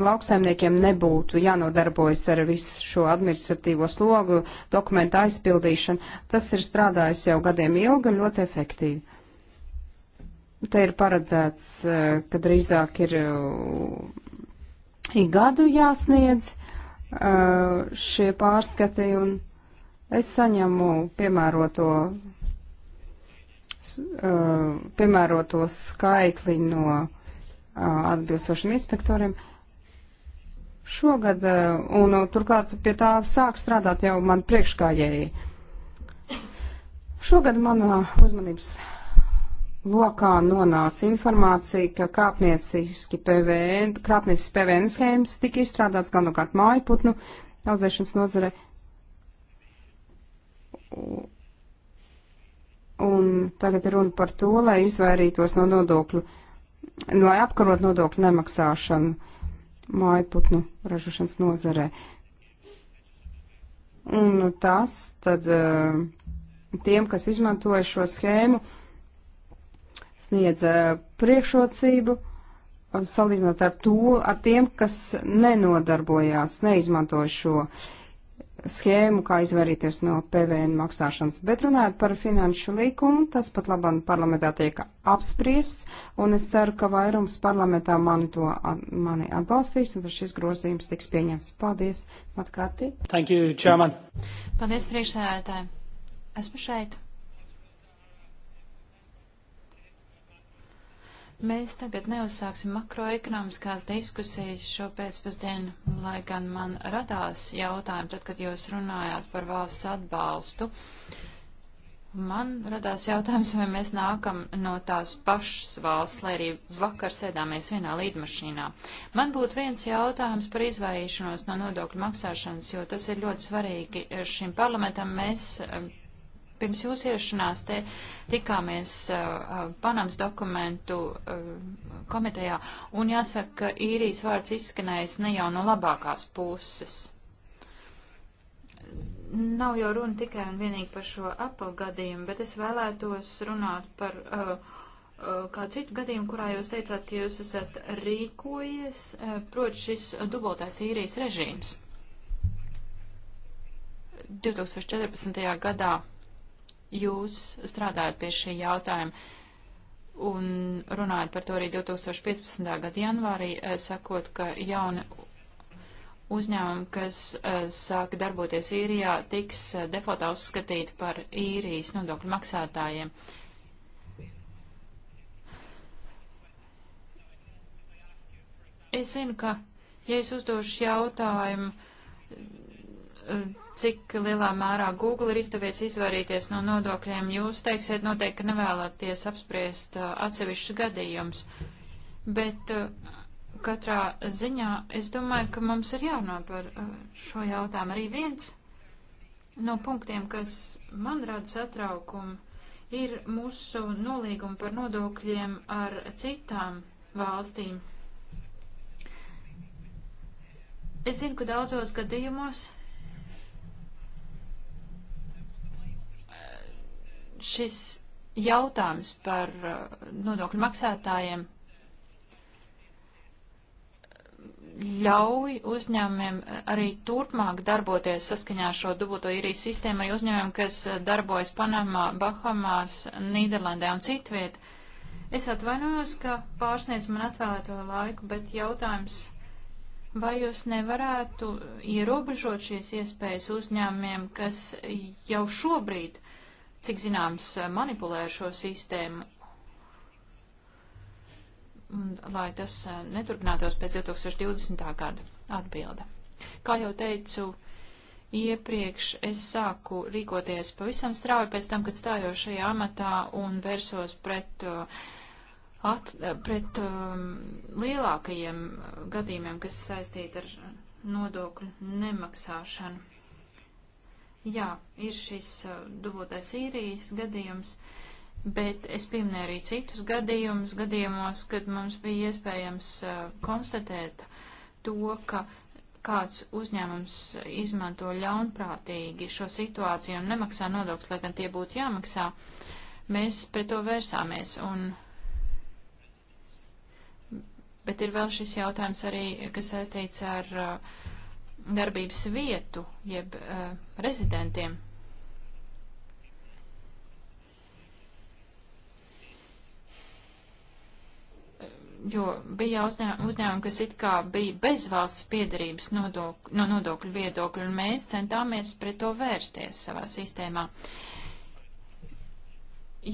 lauksaimniekiem nebūtu jānodarbojas ar visu šo administratīvo slogu, dokumentu aizpildīšanu. Tas ir strādājis jau gadiem ilgi un ļoti efektīvi. Te ir paredzēts, eh, ka drīzāk ir eh, ik gadu jāsniedz eh, šie pārskati, un es saņemu piemēroto piemēroto skaitli no atbilstošiem inspektoriem. Uh, šogad, eh, un eh, turklāt pie tā sāk strādāt jau man priekškājēji. Šogad manā uzmanības lokā nonāca informācija, ka kāpnieciski PVN, krāpniecis PVN schēmas tika izstrādāts galvenokārt mājputnu audzēšanas nozare. Un tagad ir runa par to, lai izvairītos no nodokļu, lai apkarot nodokļu nemaksāšanu mājputnu ražošanas nozarē. Un tas tad eh, tiem, kas izmantoja šo schēmu, sniedz eh, priekšrocību salīdzinot ar to, ar tiem, kas nenodarbojās, neizmantoja šo schēmu schēmu, kā izvairīties no PVN maksāšanas. Bet runājot par finanšu likumu, tas pat labam parlamentā tiek apspriests, un es ceru, ka vairums parlamentā mani to mani atbalstīs, un šis grozījums tiks pieņemts. Paldies, Matkati. Thank you, Chairman. Paldies, priekšsēdētāji. Esmu šeit. Mēs tagad neuzsāksim makroekonomiskās diskusijas šo pēcpusdienu, lai gan man radās jautājumi, tad, kad jūs runājāt par valsts atbalstu. Man radās jautājums, vai mēs nākam no tās pašas valsts, lai arī vakar sēdāmies vienā līdmašīnā. Man būtu viens jautājums par izvairīšanos no nodokļu maksāšanas, jo tas ir ļoti svarīgi šim parlamentam. Mēs Pirms jūs iešanās te tikāmies uh, uh, Panamas dokumentu uh, komitejā, un jāsaka, ka īrijas vārds izskanējis ne jau no labākās puses nav jau runa tikai un vienīgi par šo Apple gadījumu, bet es vēlētos runāt par uh, uh, kādu citu gadījumu, kurā jūs teicāt, ka jūs esat rīkojies, uh, proti šis dubultais īrijas režīms. 2014. gadā jūs strādājat pie šī jautājuma un runājat par to arī 2015. gada janvārī, eh, sakot, ka jauni uzņēmumi, kas eh, sāka darboties īrijā, tiks eh, defaultā uzskatīti par īrijas nodokļu maksātājiem. Es zinu, ka, ja es uzdošu jautājumu, cik lielā mērā Google ir izdevies izvairīties no nodokļiem. Jūs teiksiet noteikti, ka nevēlaties apspriest uh, atsevišķus gadījumus, bet uh, katrā ziņā es domāju, ka mums ir jārunā par uh, šo jautājumu. Arī viens no punktiem, kas man rada satraukumu, ir mūsu nolīguma par nodokļiem ar citām valstīm. Es zinu, ka daudzos gadījumos šis jautājums par uh, nodokļu maksātājiem ļauj uzņēmumiem arī turpmāk darboties saskaņā ar šo dubulto īrijas sistēmu, arī uzņēmumiem, kas uh, darbojas Panamā, Bahamās, Nīderlandē un citviet. Es atvainojos, ka pārsniedz man atvēlēto laiku, bet jautājums, vai jūs nevarētu ierobežot šīs iespējas uzņēmumiem, kas jau šobrīd uh, cik zināms, eh, manipulē ar šo sistēmu, lai tas eh, neturpinātos pēc 2020. gada atbilda. Kā jau teicu, iepriekš es sāku rīkoties pavisam strauji pēc tam, kad stājos šajā amatā un versos pret, eh, at, pret um, lielākajiem gadījumiem, kas saistīti ar nodokļu nemaksāšanu. Jā, ir šis dubultais īrijas gadījums, bet es pieminēju arī citus gadījumus, gadījumos, kad mums bija iespējams konstatēt to, ka kāds uzņēmums izmanto ļaunprātīgi šo situāciju un nemaksā nodokļus, lai gan tie būtu jāmaksā, mēs pret to vērsāmies. Un... Bet ir vēl šis jautājums arī, kas saistīts ar uh, darbības vietu, jeb uh, rezidentiem. Jo bija uzņēmumi, kas it kā bija bez valsts piedarības nodok, no nodokļu viedokļu, un mēs centāmies pret to vērsties savā sistēmā.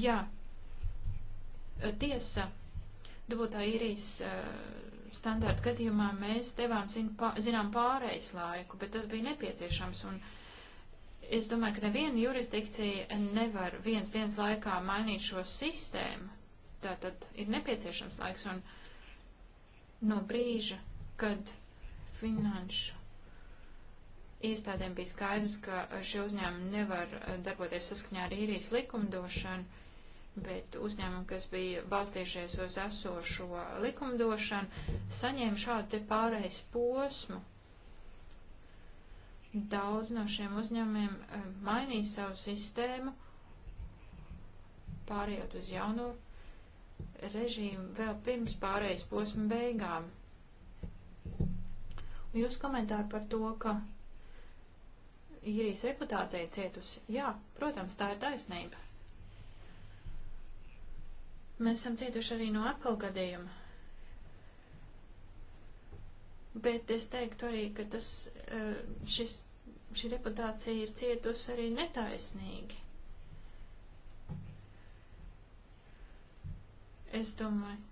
Jā, tiesa, dubultā īrijas uh, standārtu gadījumā mēs devām zin, pā, zinām pārejas laiku, bet tas bija nepieciešams. Un es domāju, ka neviena jurisdikcija nevar viens dienas laikā mainīt šo sistēmu. Tā tad ir nepieciešams laiks un no brīža, kad finanšu iestādēm bija skaidrs, ka šie uzņēmumi nevar eh, darboties saskaņā ar īrijas likumdošanu bet uzņēmumi, kas bija balstījušies uz esošo likumdošanu, saņēma šādu te pārējais posmu. Daudz no šiem uzņēmumiem eh, mainīja savu sistēmu, pārējot uz jauno režīmu vēl pirms pārējais posma beigām. Un jūs komentāri par to, ka īrijas reputācija cietusi, jā, protams, tā ir taisnība. Mēs esam cietuši arī no Apple gadījuma. Bet es teiktu arī, ka tas, eh, šis, šī reputācija ir cietusi arī netaisnīgi. Es domāju,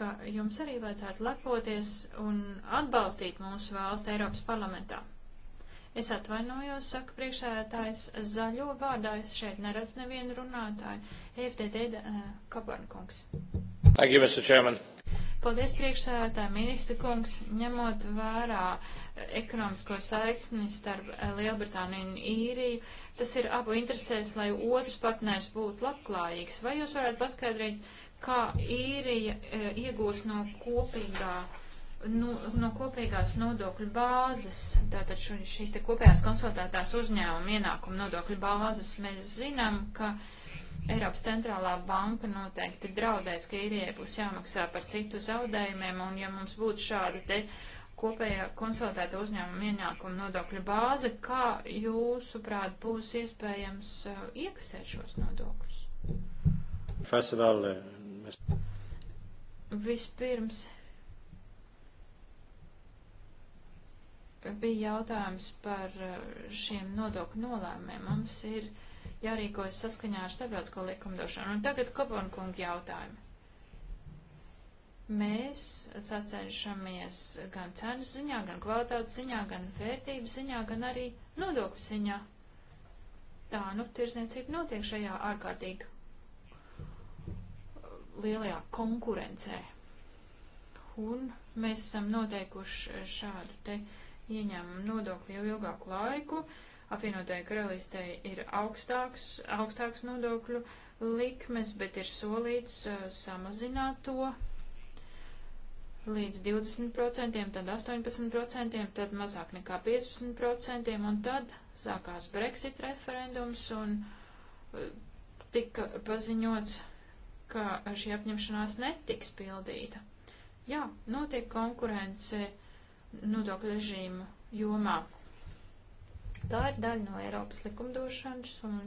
ka jums arī vajadzētu lepoties un atbalstīt mūsu valsts Eiropas parlamentā. Es atvainojos, saka priekšsēdētājs zaļo vārdā, es šeit neredzu nevienu runātāju. EFTD uh, eh, Kabarnkungs. Thank you, Mr. Chairman. Paldies priekšsēdētāji, ministra kungs, ņemot vērā eh, ekonomisko saikni starp eh, Lielbritāniju un Īriju. Tas ir abu interesēs, lai otrs partners būtu labklājīgs. Vai jūs varētu paskaidrīt, kā īrija iegūs no kopīgā uh, nu, no kopīgās nodokļu bāzes, tātad šo, šīs te kopējās konsultētās uzņēmuma ienākuma nodokļu bāzes, mēs zinām, ka Eiropas centrālā banka noteikti draudēs, ka īrijai būs jāmaksā par citu zaudējumiem, un ja mums būtu šāda te kopējā konsultēta uzņēmuma ienākuma nodokļu bāze, kā jūsuprāt būs iespējams uh, iekasēt šos nodokļus? Festival, uh, mēs... Vispirms bija jautājums par eh, šiem nodokļu nolēmumiem. Mums ir jārīkojas saskaņā ar starptautisko likumdošanu. Un tagad Koponkunga jautājumi. Mēs sacenšamies gan cenas ziņā, gan kvalitātes ziņā, gan vērtības ziņā, gan arī nodokļu ziņā. Tā, nu, tirzniecība notiek šajā ārkārtīgi lielajā konkurencē. Un mēs esam noteikuši šādu te uh, ieņēmumu nodokli jau ilgāku laiku. Apvienotajai karalistei ir augstāks, augstāks nodokļu likmes, bet ir solīts uh, samazināt to līdz 20%, tad 18%, tad mazāk nekā 15%, un tad sākās Brexit referendums, un uh, tika paziņots, ka šī apņemšanās netiks pildīta. Jā, notiek konkurence nodokļu režīmu jomā. Tā ir daļa no Eiropas likumdošanas, un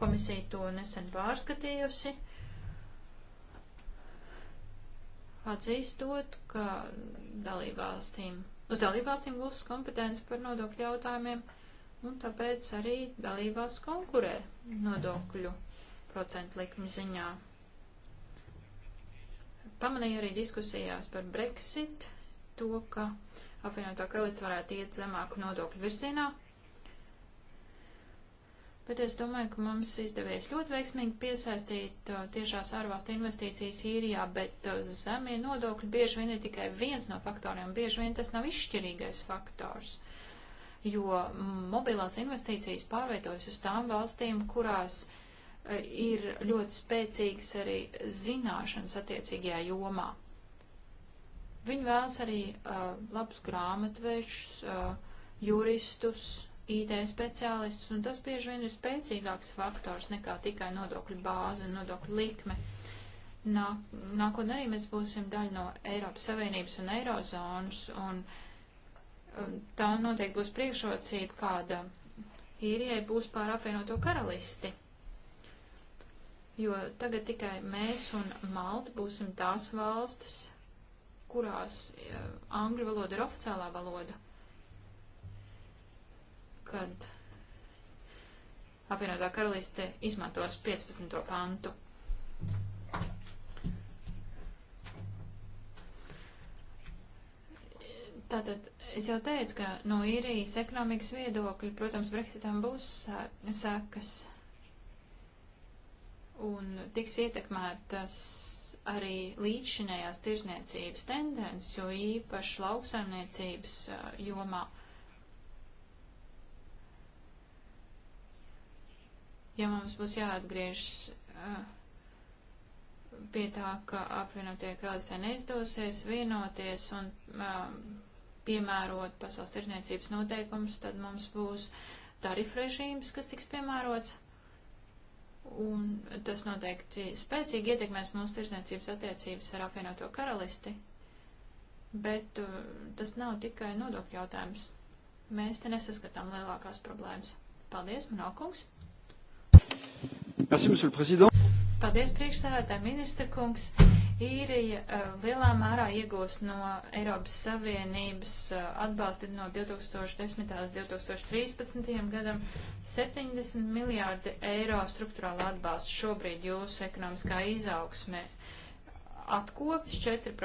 komisija to nesen pārskatījusi, atzīstot, ka dalībvalstīm, uz dalībvalstīm būs kompetence par nodokļu jautājumiem, un tāpēc arī dalībvalsts konkurē nodokļu procentu likmi ziņā. Pamanīju arī diskusijās par Brexit to, ka apvienotā karalista varētu iet zemāku nodokļu virzienā. Bet es domāju, ka mums izdevies ļoti veiksmīgi piesaistīt uh, tiešās ārvalstu investīcijas īrijā, bet uh, zemie nodokļi bieži vien ir tikai viens no faktoriem, bieži vien tas nav izšķirīgais faktors. Jo mobilās investīcijas pārvietojas uz tām valstīm, kurās uh, ir ļoti spēcīgas arī zināšanas attiecīgajā jomā. Viņi vēlas arī uh, labus grāmatvēršus, uh, juristus, IT speciālistus, un tas bieži vien ir spēcīgāks faktors nekā tikai nodokļu bāze, nodokļu likme. Nā, nākotnē arī mēs būsim daļa no Eiropas Savienības un Eirozonas, un um, tā noteikti būs priekšrocība, kāda īrijai būs pār apvienoto karalisti. Jo tagad tikai mēs un Malta būsim tās valstis, kurās angļu valoda ir oficiālā valoda, kad apvienotā karaliste izmantos 15. pantu. Tātad es jau teicu, ka no īrijas ekonomikas viedokļa, protams, Brexitam būs sekas un tiks ietekmētas arī līdzšinējās tirzniecības tendences, jo īpaši lauksaimniecības jomā. Ja mums būs jāatgriežas pie tā, ka apvienotie karalistē neizdosies vienoties un piemērot pasaules tirzniecības noteikumus, tad mums būs tarifu režīms, kas tiks piemērots Un tas noteikti spēcīgi ietekmēs mūsu tirsniecības attiecības ar apvienoto karalisti, bet uh, tas nav tikai nodokļu jautājums. Mēs te nesaskatām lielākās problēmas. Paldies, Manokungs! Merci, Paldies, priekšsēdētāji, ministra kungs! Īrija uh, lielā mērā iegūst no Eiropas Savienības uh, atbalsta no 2010. līdz 2013. gadam 70 miljārdi eiro struktūrāla atbalsta šobrīd jūsu ekonomiskā izaugsmē atkopis 4%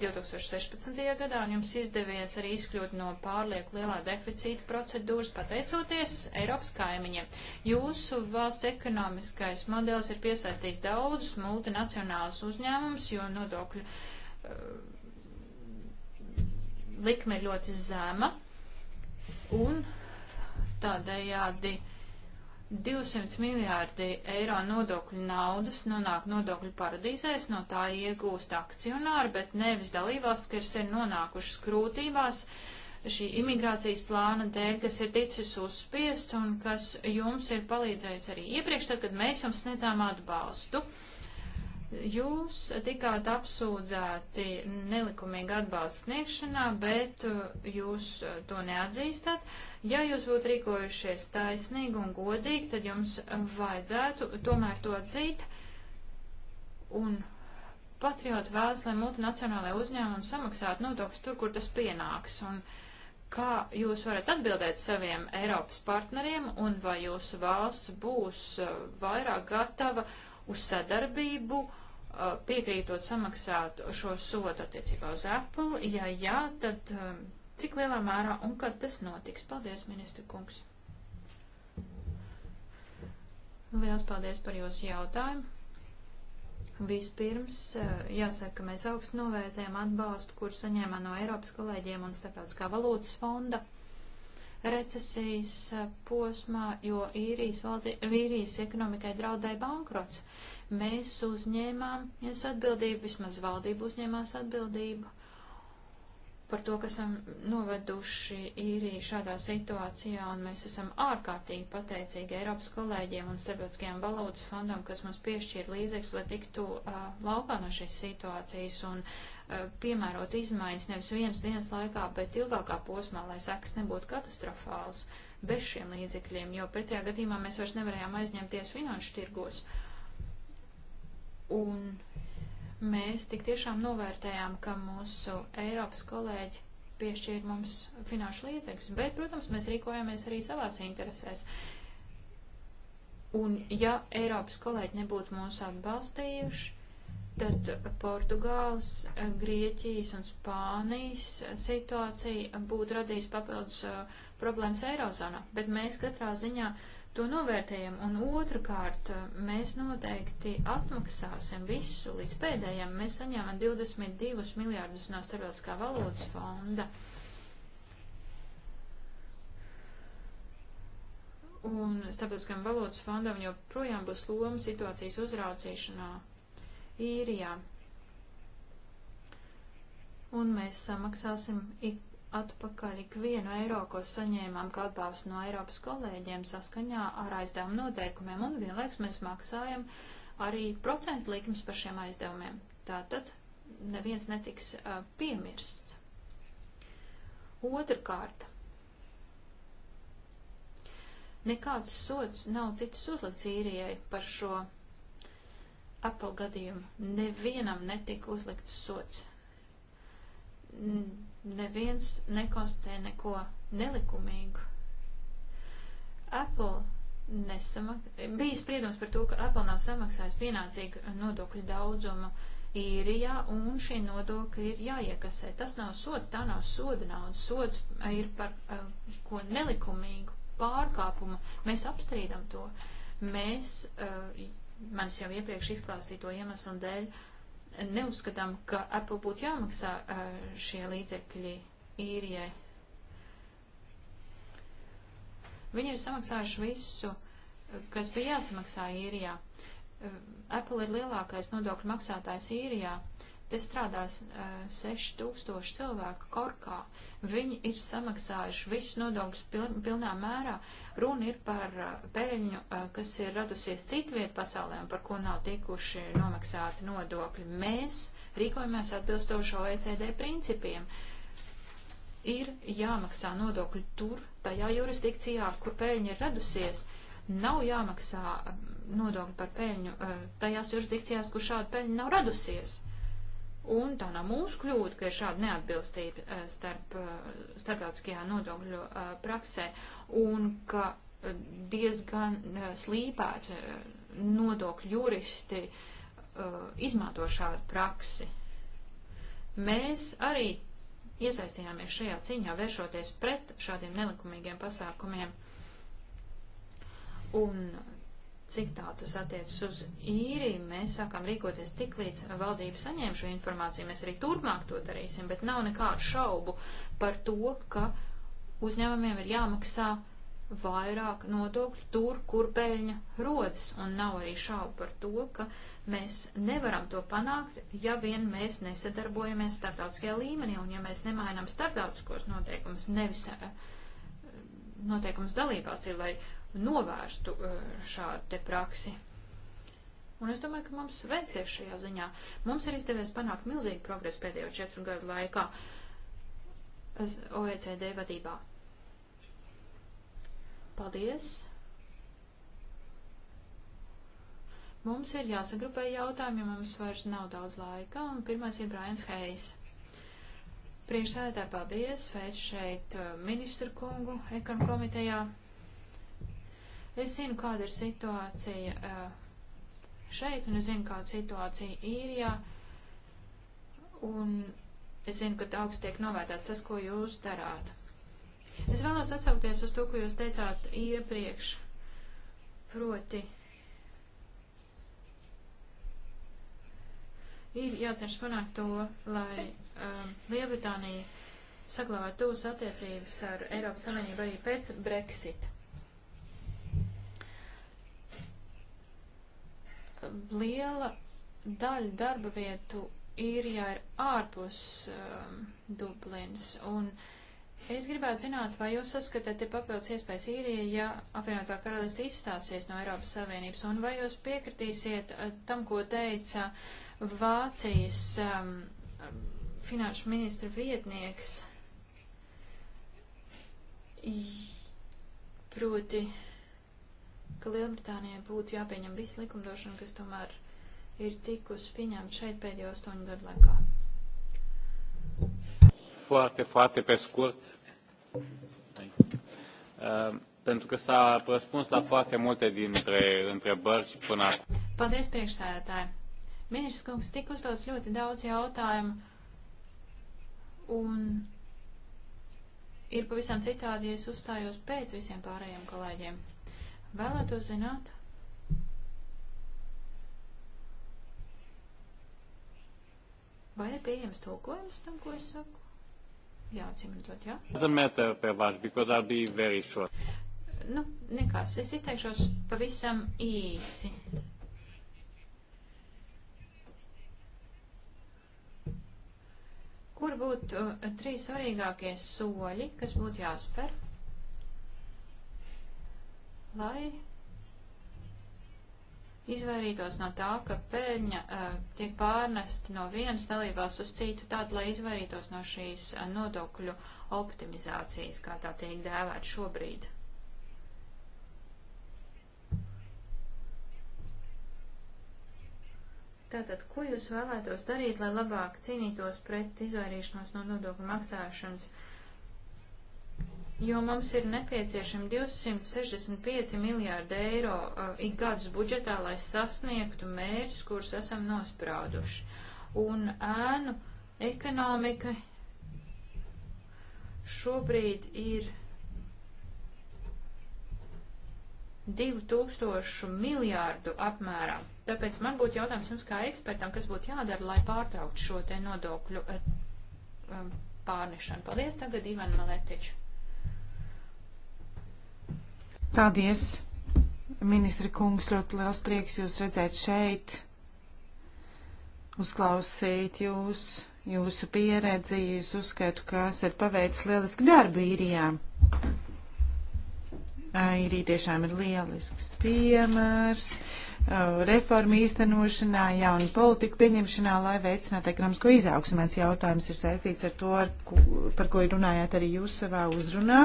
2016. gadā, un jums izdevies arī izkļūt no pārlieku lielā deficīta procedūras, pateicoties Eiropas kaimiņiem. Jūsu valsts ekonomiskais modelis ir piesaistījis daudzus multinacionālus uzņēmumus, jo nodokļu uh, likme ir ļoti zema, un tādējādi. Uh, 200 miljārdi eiro nodokļu naudas nonāk nodokļu paradīzēs, no tā iegūst akcionāri, bet nevis dalībvalsts, kas ir nonākušas grūtībās šī imigrācijas plāna dēļ, kas ir ticis uzspiests un kas jums ir palīdzējis arī iepriekš, tad, kad mēs jums sniedzām atbalstu. Uh, Jūs tikāt apsūdzēti nelikumīgi atbalsts sniegšanā, bet uh, jūs uh, to neatzīstat. Ja jūs būtu rīkojušies taisnīgi un godīgi, tad jums vajadzētu tomēr to atzīt. Un patrioti vēlas, lai multinacionālajā uzņēmumi samaksātu nodokļus tur, kur tas pienāks. Un kā jūs varat atbildēt saviem Eiropas partneriem un vai jūsu valsts būs uh, vairāk gatava uh, uz sadarbību, uh, piekrītot samaksāt šo sodu attiecībā uz Apple? Ja jā, tad um, cik lielā mērā un kad tas notiks? Paldies, ministra kungs! Liels paldies par jūsu jautājumu! Vispirms uh, jāsaka, ka mēs augstu novērtējam atbalstu, kur saņēmām no Eiropas kolēģiem un Starptautiskā valūtas fonda recesijas eh, posmā, jo īrijas, valdi, īrijas ekonomikai draudēja bankrots. Mēs uzņēmāmies atbildību, vismaz valdība uzņēmās atbildību par to, ka esam noveduši īriju šādā situācijā, un mēs esam ārkārtīgi pateicīgi Eiropas kolēģiem un starptautiskajām valūtas fondam, kas mums piešķīra līdzekļus, lai tiktu uh, laukā no šīs situācijas. Un, uh, Eh, piemērot izmaiņas nevis vienas dienas laikā, bet ilgākā posmā, lai sekas nebūtu katastrofāls bez šiem līdzekļiem, jo pretējā gadījumā mēs vairs nevarējām aizņemties finanšu tirgos. Un mēs tik tiešām novērtējām, ka mūsu Eiropas kolēģi piešķīra mums finanšu līdzekļus, bet, protams, mēs rīkojāmies arī savās interesēs. Un ja Eiropas kolēģi nebūtu mūs atbalstījuši, tad Portugāles, Grieķijas un Spānijas situācija būtu radījis papildus uh, problēmas Eirozonā, bet mēs katrā ziņā to novērtējam, un otrkārt, uh, mēs noteikti atmaksāsim visu līdz pēdējiem. Mēs saņēmām 22 miljārdus no starptautiskā valodas fonda. Un starptautiskam valodas fondam joprojām būs loma situācijas uzraucīšanā īrijā. Un mēs samaksāsim ik atpakaļ ikvienu eiro, ko saņēmām kā atbalstu no Eiropas kolēģiem saskaņā ar aizdevumu noteikumiem, un vienlaiks mēs maksājam arī procentu likmes par šiem aizdevumiem. Tātad neviens netiks uh, piemirsts. Otrakārt, nekāds sots nav ticis uzlikts īrijai par šo Apple gadījumu nevienam netika uzlikts sots. Neviens nekonstatē neko nelikumīgu. Apple nesamak... bija spriedums par to, ka Apple nav samaksājis pienācīgu nodokļu daudzumu īrijā, un šie nodokļi ir jāiekasē. Tas nav sots, tā nav soda nauda. Sots ir par uh, ko nelikumīgu pārkāpumu. Mēs apstrīdam to. Mēs uh, manis jau iepriekš izklāstīto iemeslu dēļ neuzskatām, ka Apple būtu jāmaksā šie līdzekļi īrijai. Viņi ir samaksājuši visu, kas bija jāsamaksā īrijā. Apple ir lielākais nodokļu maksātājs īrijā. Te strādās uh, 6000 cilvēku korkā. Viņi ir samaksājuši visus nodokļus piln, pilnā mērā. Uh, Runa ir par uh, peļņu, uh, kas ir radusies citviet pasaulē un par ko nav tikuši nomaksāti nodokļi. Mēs rīkojamies atbilstoši OECD principiem. Ir jāmaksā nodokļi tur, tajā jurisdikcijā, kur peļņa ir radusies. Nav jāmaksā um, nodokļi par peļņu uh, tajās jurisdikcijās, kur šāda peļņa nav radusies. Un tā nav mūsu kļūda, ka ir šāda neatbilstība eh, starp eh, starptautiskajā nodokļu eh, praksē un ka diezgan slīpēti nodokļu juristi izmanto šādu praksi. Mēs arī iesaistījāmies šajā cīņā, vēršoties pret šādiem nelikumīgiem pasākumiem. Un cik tā tas attiecas uz īriju, mēs sākam rīkoties tik līdz valdība saņem šo informāciju. Mēs arī turpmāk to darīsim, bet nav nekādu šaubu par to, ka uzņēmumiem ir jāmaksā vairāk nodokļu tur, kur peļņa rodas, un nav arī šaubu par to, ka mēs nevaram to panākt, ja vien mēs nesadarbojamies starptautiskajā līmenī, un ja mēs nemainam starptautiskos noteikumus, nevis eh, noteikumus dalībās, ir, lai novērstu e, šādu te praksi. Un es domāju, ka mums veicies šajā ziņā. Mums ir izdevies panākt milzīgu progresu pēdējo četru gadu laikā OECD vadībā. Paldies! Mums ir jāsagrupē jautājumi, jo mums vairs nav daudz laika, un pirmais ir Brains Heijs. Priekšsēdētāji, paldies! Sveicu šeit e, ministru kungu ekonomikomitejā. komitejā. Es zinu, kāda ir situācija eh, šeit, un es zinu, kāda situācija īrijā, un es zinu, ka daudz tiek novērtēts tas, ko jūs darāt. Es vēlos atsaukties uz to, ko jūs teicāt iepriekš, proti. ir jācenšas panākt to, lai um, Lielbritānija saglabātu tuvas attiecības ar Eiropas Savienību arī pēc Brexita. liela daļa darba vietu īrijā ir ārpus um, Dublins. Un es gribētu zināt, vai jūs saskatāt ir papildus iespējas īrijai, ja apvienotā karalista izstāsies no Eiropas Savienības, un vai jūs piekritīsiet uh, tam, ko teica Vācijas um, finanšu ministra vietnieks. Proti, ka Lielbritānijai būtu jāpieņem visa likumdošana, kas tomēr ir tikusi pieņemta šeit pēdējo astoņu gadu laikā. Foarte, foarte pe scurt, ehm, pentru că s-a răspuns la foarte multe dintre întrebări până acum. Paldies, priekšsēdētāji! Ministrs kungs tika uzdots ļoti daudz jautājumu, un ir pavisam citādi, ja es uzstājos pēc visiem pārējiem kolēģiem. Vēlētos zināt. Vai ir pieejams tulkojums tam, ko es saku? Jā, acīm redzot, jā. Doesn't matter very much because I'll be very short. Nu, nekas, es izteikšos pavisam īsi. Kur būtu uh, trīs svarīgākie soļi, kas būtu jāspēr? lai izvairītos no tā, ka peļņa uh, tiek pārnesti no vienas dalībās uz citu, tādu, lai izvairītos no šīs uh, nodokļu optimizācijas, kā tā tiek dēvēta šobrīd. Tātad, ko jūs vēlētos darīt, lai labāk cīnītos pret izvairīšanos no nodokļu maksāšanas uh, jo mums ir nepieciešami 265 miljārdi eiro uh, ik gadus budžetā, lai sasniegtu mērķus, kurus esam nosprauduši. Un ēnu ekonomika šobrīd ir 2000 miljārdu apmērā. Tāpēc man būtu jautājums jums kā ekspertam, kas būtu jādara, lai pārtrauktu šo te nodokļu pārnešanu. Paldies tagad Ivan Maletiču. Paldies, ministra kungs, ļoti liels prieks jūs redzēt šeit, uzklausīt jūs, jūsu pieredzi, es uzskatu, ka esat paveicis lielisku darbu īrijā. Airija tiešām ir lielisks piemērs uh, reformu īstenošanā, jaunu politiku pieņemšanā, lai veicinātu ekonomisko izaugsmu. Mans jautājums ir saistīts ar to, ar ko, par ko runājāt arī jūs savā uzrunā.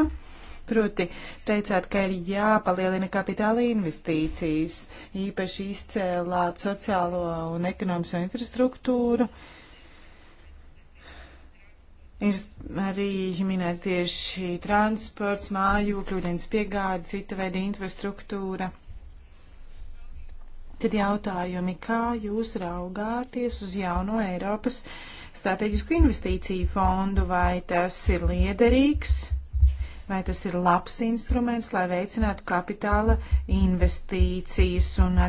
Proti, teicāt, ka ir jāpalielina kapitāla investīcijas, īpaši izcēlāt sociālo un ekonomisko infrastruktūru. Ir arī minēts tieši transports, mājokļu, ūdens piegāde, cita veida infrastruktūra. Tad jautājumi, kā jūs raugāties uz jauno Eiropas strateģisku investīciju fondu, vai tas ir liederīgs? vai tas ir labs instruments, lai veicinātu kapitāla investīcijas un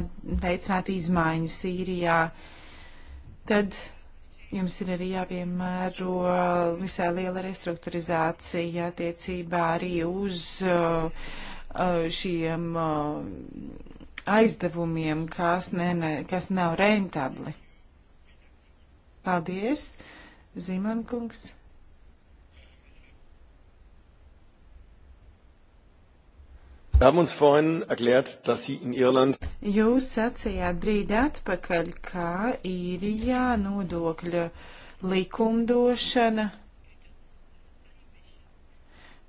veicinātu izmaiņas Sīrijā. Tad jums ir arī jāpiemēro visai liela restruktūrizācija attiecībā arī uz uh, uh, šiem uh, aizdevumiem, kas, ne, ne, kas nav rentabli. Paldies, Zimankungs. Jūs sacījāt brīdi atpakaļ, kā īrijā nodokļa likumdošana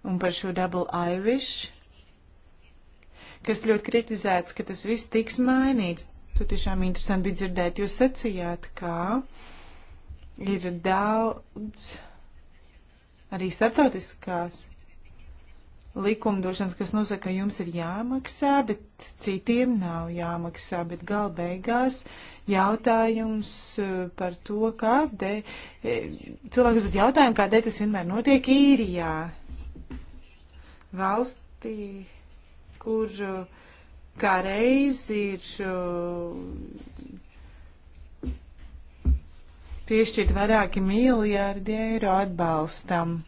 un par šo double Irish, kas ļoti kritizēts, ka tas viss tiks mainīts. Tu tiešām interesanti bija dzirdēt, jūs sacījāt, kā ir daudz arī starptautiskās likumdošanas, kas nosaka, ka jums ir jāmaksā, bet citiem nav jāmaksā, bet gal beigās jautājums eh, par to, kādēļ, eh, cilvēks uzdod jautājumu, kādēļ tas vienmēr notiek īrijā, valstī, kur eh, kā reiz ir piešķirt vairāki miljardi eiro atbalstam.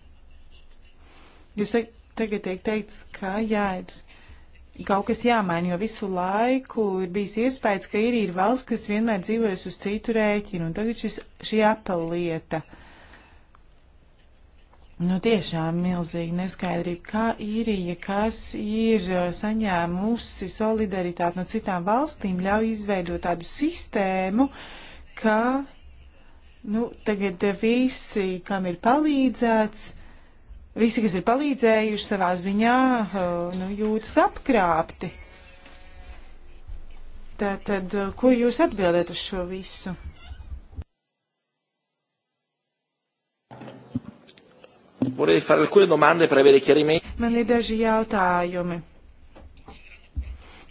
Jūs sakat, tagad tiek teikts, ka jā, ir kaut kas jāmaina, jo visu laiku ir bijis iespējas, ka ir, ir valsts, kas vienmēr dzīvojas uz citu rēķinu, un tagad šis, šī apelieta. Nu, tiešām milzīgi neskaidrība, kā īrija, kas ir uh, saņēmusi solidaritāti no citām valstīm, ļauj izveidot tādu sistēmu, ka, nu, tagad uh, visi, kam ir palīdzēts, uh, visi, kas ir palīdzējuši savā ziņā, eh, nu, jūtas apkrāpti. Tātad, eh, ko jūs atbildat uz šo visu? Man ir daži jautājumi.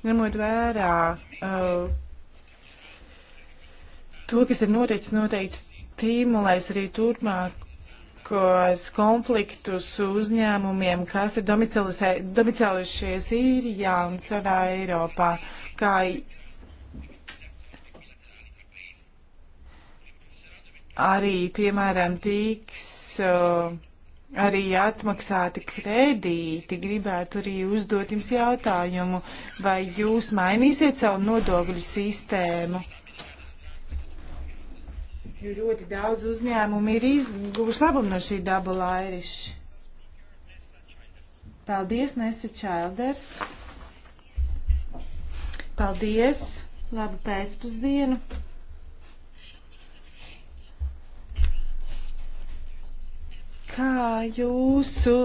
Ņemot vērā uh, to, kas ir noteicis, noteicis tīmulēs arī turpmāk ekonomiskos konfliktus uzņēmumiem, kas ir domicēlušies īrijā un strādā Eiropā. Kā arī, piemēram, tiks uh, arī atmaksāti kredīti, gribētu arī uzdot jums jautājumu, vai jūs mainīsiet savu nodokļu sistēmu? jo ļoti daudz uzņēmumu ir izguvuši labumu no šī dabula airiša. Paldies, Nesa Čilders. Paldies. Labu pēcpusdienu. Kā jūsu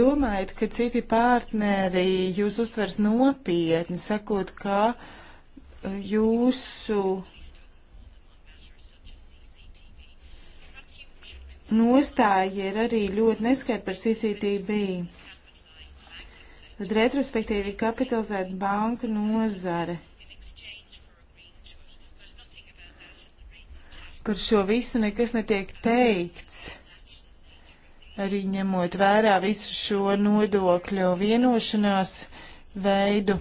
domājat, ka citi partneri jūs uztvers nopietni, sakot, ka jūsu nostāja ir arī ļoti neskaidra par CCTB. Tad retrospektīvi ir kapitalizēta banku nozare. Par šo visu nekas netiek teikts. Arī ņemot vērā visu šo nodokļu vienošanās veidu.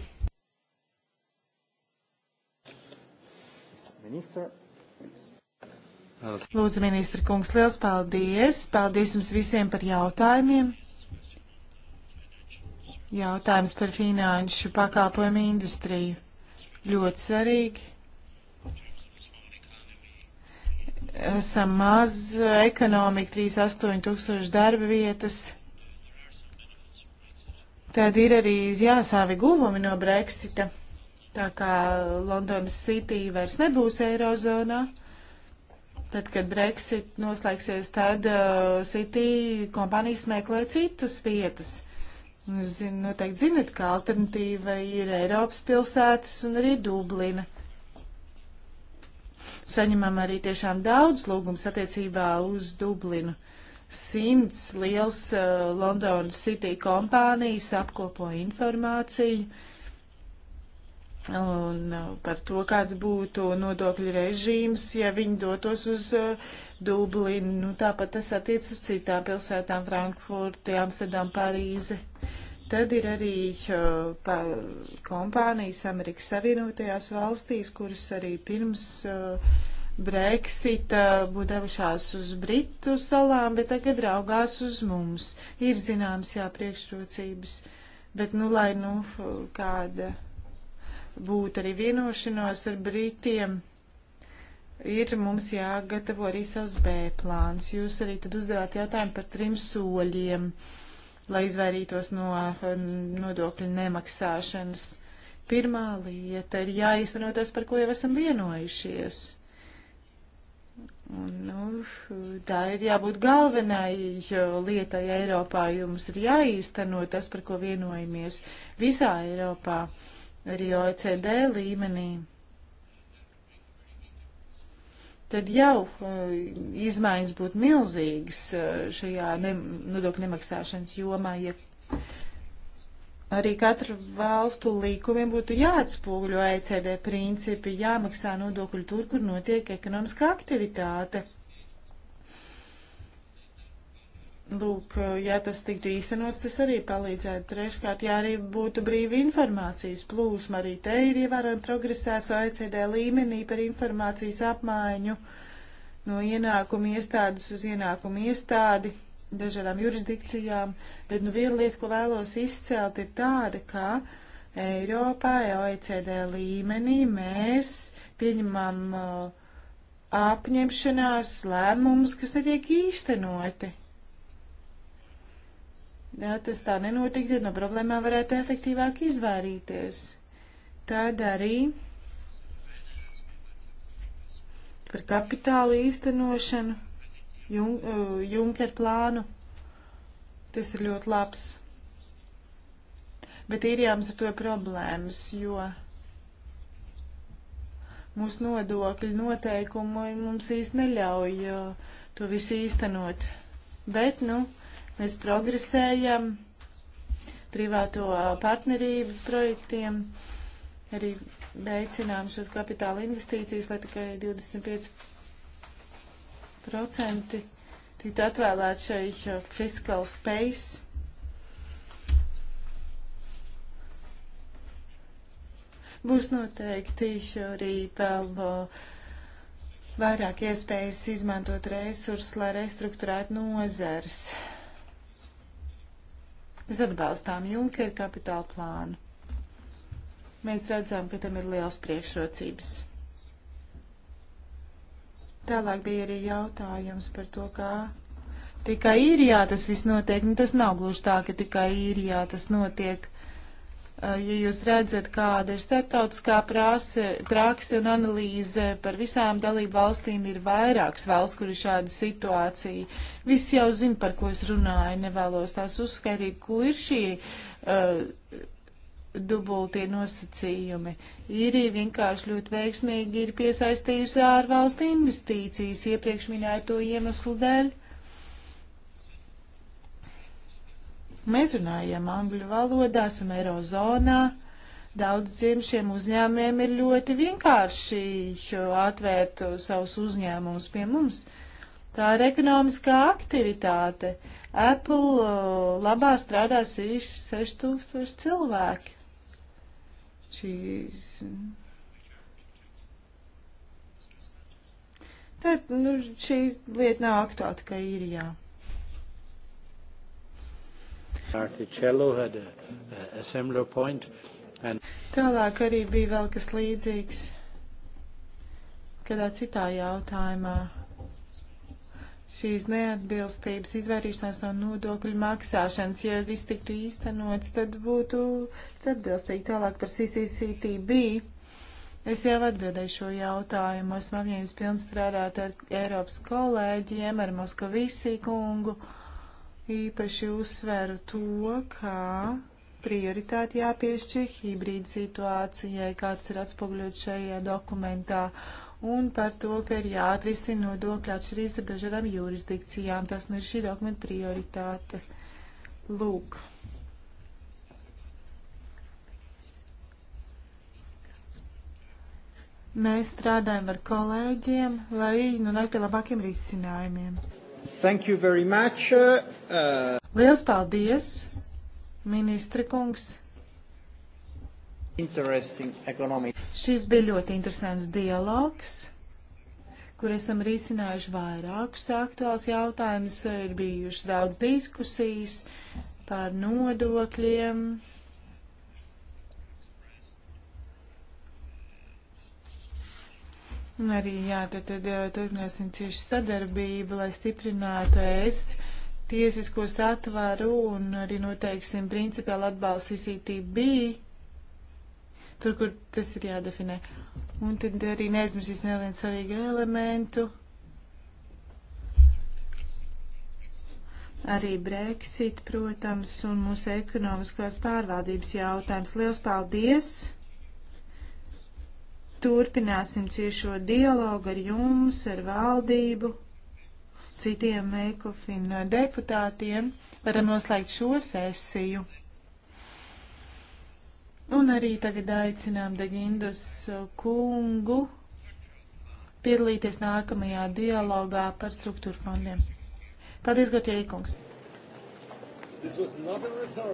Minister. Lūdzu, ministra kungs, liels paldies! Paldies jums visiem par jautājumiem! Jautājums par finanšu pakalpojumu industriju. Ļoti svarīgi. Esam maz ekonomika, 38 tūkstoši darba vietas. Tad ir arī jāsāvi guvumi no Brexita, tā kā Londonas City vairs nebūs Eirozonā. Tad, kad Brexit noslēgsies, tad uh, City kompānijas meklē citas vietas. Zin, noteikti zinat, ka alternatīva ir Eiropas pilsētas un arī Dublina. Saņemam arī tiešām daudz lūgums attiecībā uz Dublinu. Simts liels uh, Londonas City kompānijas apkopo informāciju. Uh, un uh, par to, kāds būtu nodokļu režīms, ja viņi dotos uz uh, Dublinu. Nu, tāpat tas attiec uz citām pilsētām - Frankfurti, Amsterdam, Parīzi. Tad ir arī uh, kompānijas Amerikas Savienotajās valstīs, kuras arī pirms uh, Brexita būtu devušās uz Britu salām, bet tagad raugās uz mums. Ir zināms, jā, priekšrocības, bet nu lai nu uh, kāda būt arī vienošanos ar Britiem, ir mums jāgatavo arī savs B plāns. Jūs arī tad uzdevāt jautājumu par trim soļiem, lai izvairītos no eh, nodokļu nemaksāšanas. Pirmā lieta ir jāizteno tas, par ko jau esam vienojušies. Un, nu, tā ir jābūt galvenai lietai Eiropā. Jums ir jāīsteno tas, par ko vienojamies visā Eiropā. Uh, arī OECD līmenī, tad jau uh, izmaiņas būtu milzīgas uh, šajā ne, nodokļu nemaksāšanas jomā, ja arī katru valstu līkumiem būtu jāatspūgļo ECD principi, jāmaksā nodokļi tur, kur notiek ekonomiskā aktivitāte. Lūk, ja tas tiktu īstenots, tas arī palīdzētu. Treškārt, ja arī būtu brīva informācijas plūsma, arī te ir ievērojami progresēts OECD līmenī par informācijas apmaiņu no ienākumu iestādes uz ienākumu iestādi dažādām jurisdikcijām, bet nu viena lieta, ko vēlos izcelt, ir tāda, ka Eiropā, OECD līmenī mēs pieņemam uh, apņemšanās lēmumus, kas netiek īstenoti ja tas tā nenotiktu, tad no problēmām varētu efektīvāk izvairīties. Tad arī par kapitālu īstenošanu, jun, uh, Junker plānu, tas ir ļoti labs. Bet īrijām ar to ir problēmas, jo mūsu nodokļu noteikumi mums īsti neļauj uh, to visu īstenot. Bet, nu, Mēs progresējam privāto partnerības projektiem, arī veicinām šos kapitāla investīcijas, lai tikai 25% tiktu atvēlēt šai fiscal space. Būs noteikti arī vēl uh, vairāk iespējas izmantot resursus, lai restruktūrētu nozars. Mēs atbalstām Junkeru kapitāla plānu. Mēs redzam, ka tam ir liels priekšrocības. Tālāk bija arī jautājums par to, kā tikai īrijā tas viss notiek. Nu, tas nav gluži tā, ka tikai īrijā tas notiek ja jūs redzat, kāda ir starptautiskā prāse, prakse un analīze par visām dalību valstīm, ir vairākas valsts, kur ir šāda situācija. Visi jau zina, par ko es runāju, nevēlos tās uzskaitīt, ko ir šī uh, dubultie nosacījumi. Īrija vienkārši ļoti veiksmīgi ir piesaistījusi ārvalstu investīcijas, iepriekš minēto iemeslu dēļ. Uh, Mēs runājam angļu valodā, esam Eirozonā. Daudziem šiem uzņēmiem ir ļoti vienkārši atvērt savus uzņēmumus pie mums. Tā ir ekonomiskā aktivitāte. Apple labā strādā 6000 cilvēki. Šīs. Tad nu, šī lieta nav aktuāla tikai īrijā. Ja. Uh, tālāk arī bija vēl kas līdzīgs kādā citā jautājumā. Šīs neatbilstības izvairīšanās no nodokļu maksāšanas, ja viss tiktu īstenots, tad būtu atbilstīgi tālāk par CCCTB. Es jau atbildēju šo jautājumu. Esmu apņēmis pilnstrādāt ar Eiropas kolēģiem, ar Moskavisī kungu. Uh, īpaši uzsveru to, ka prioritāti jāpiešķir hibrīda situācijai, kāds ir atspoguļot šajā dokumentā, un par to, ka ir jāatrisina nodokļu atšķirības ar dažādām jurisdikcijām. Tas nu ir šī dokumenta prioritāte. Lūk. Mēs strādājam ar kolēģiem, lai nonāktu pie labākiem risinājumiem. Thank you very much. Uh... Liels paldies, ministra kungs! Šis bija ļoti interesants dialogs kur esam risinājuši vairākus aktuāls jautājumus. Ir bijušas daudz diskusijas par nodokļiem. Un arī jā, tad, tad turpināsim cieši sadarbību, lai stiprinātu es tiesisko satvaru un arī noteiksim principiāli atbalsts ICTB, tur, kur tas ir jādefinē. Un tad arī neizmirsīs nevienu svarīgu elementu. Arī Brexit, protams, un mūsu ekonomiskās pārvaldības jautājums. Liels paldies! Turpināsim ciešo dialogu ar jums, ar valdību citiem ECOFIN deputātiem. Varam noslēgt šo sesiju. Un arī tagad aicinām Degindus kungu piedalīties nākamajā dialogā par struktūra fondiem. Paldies, Gotiekungs!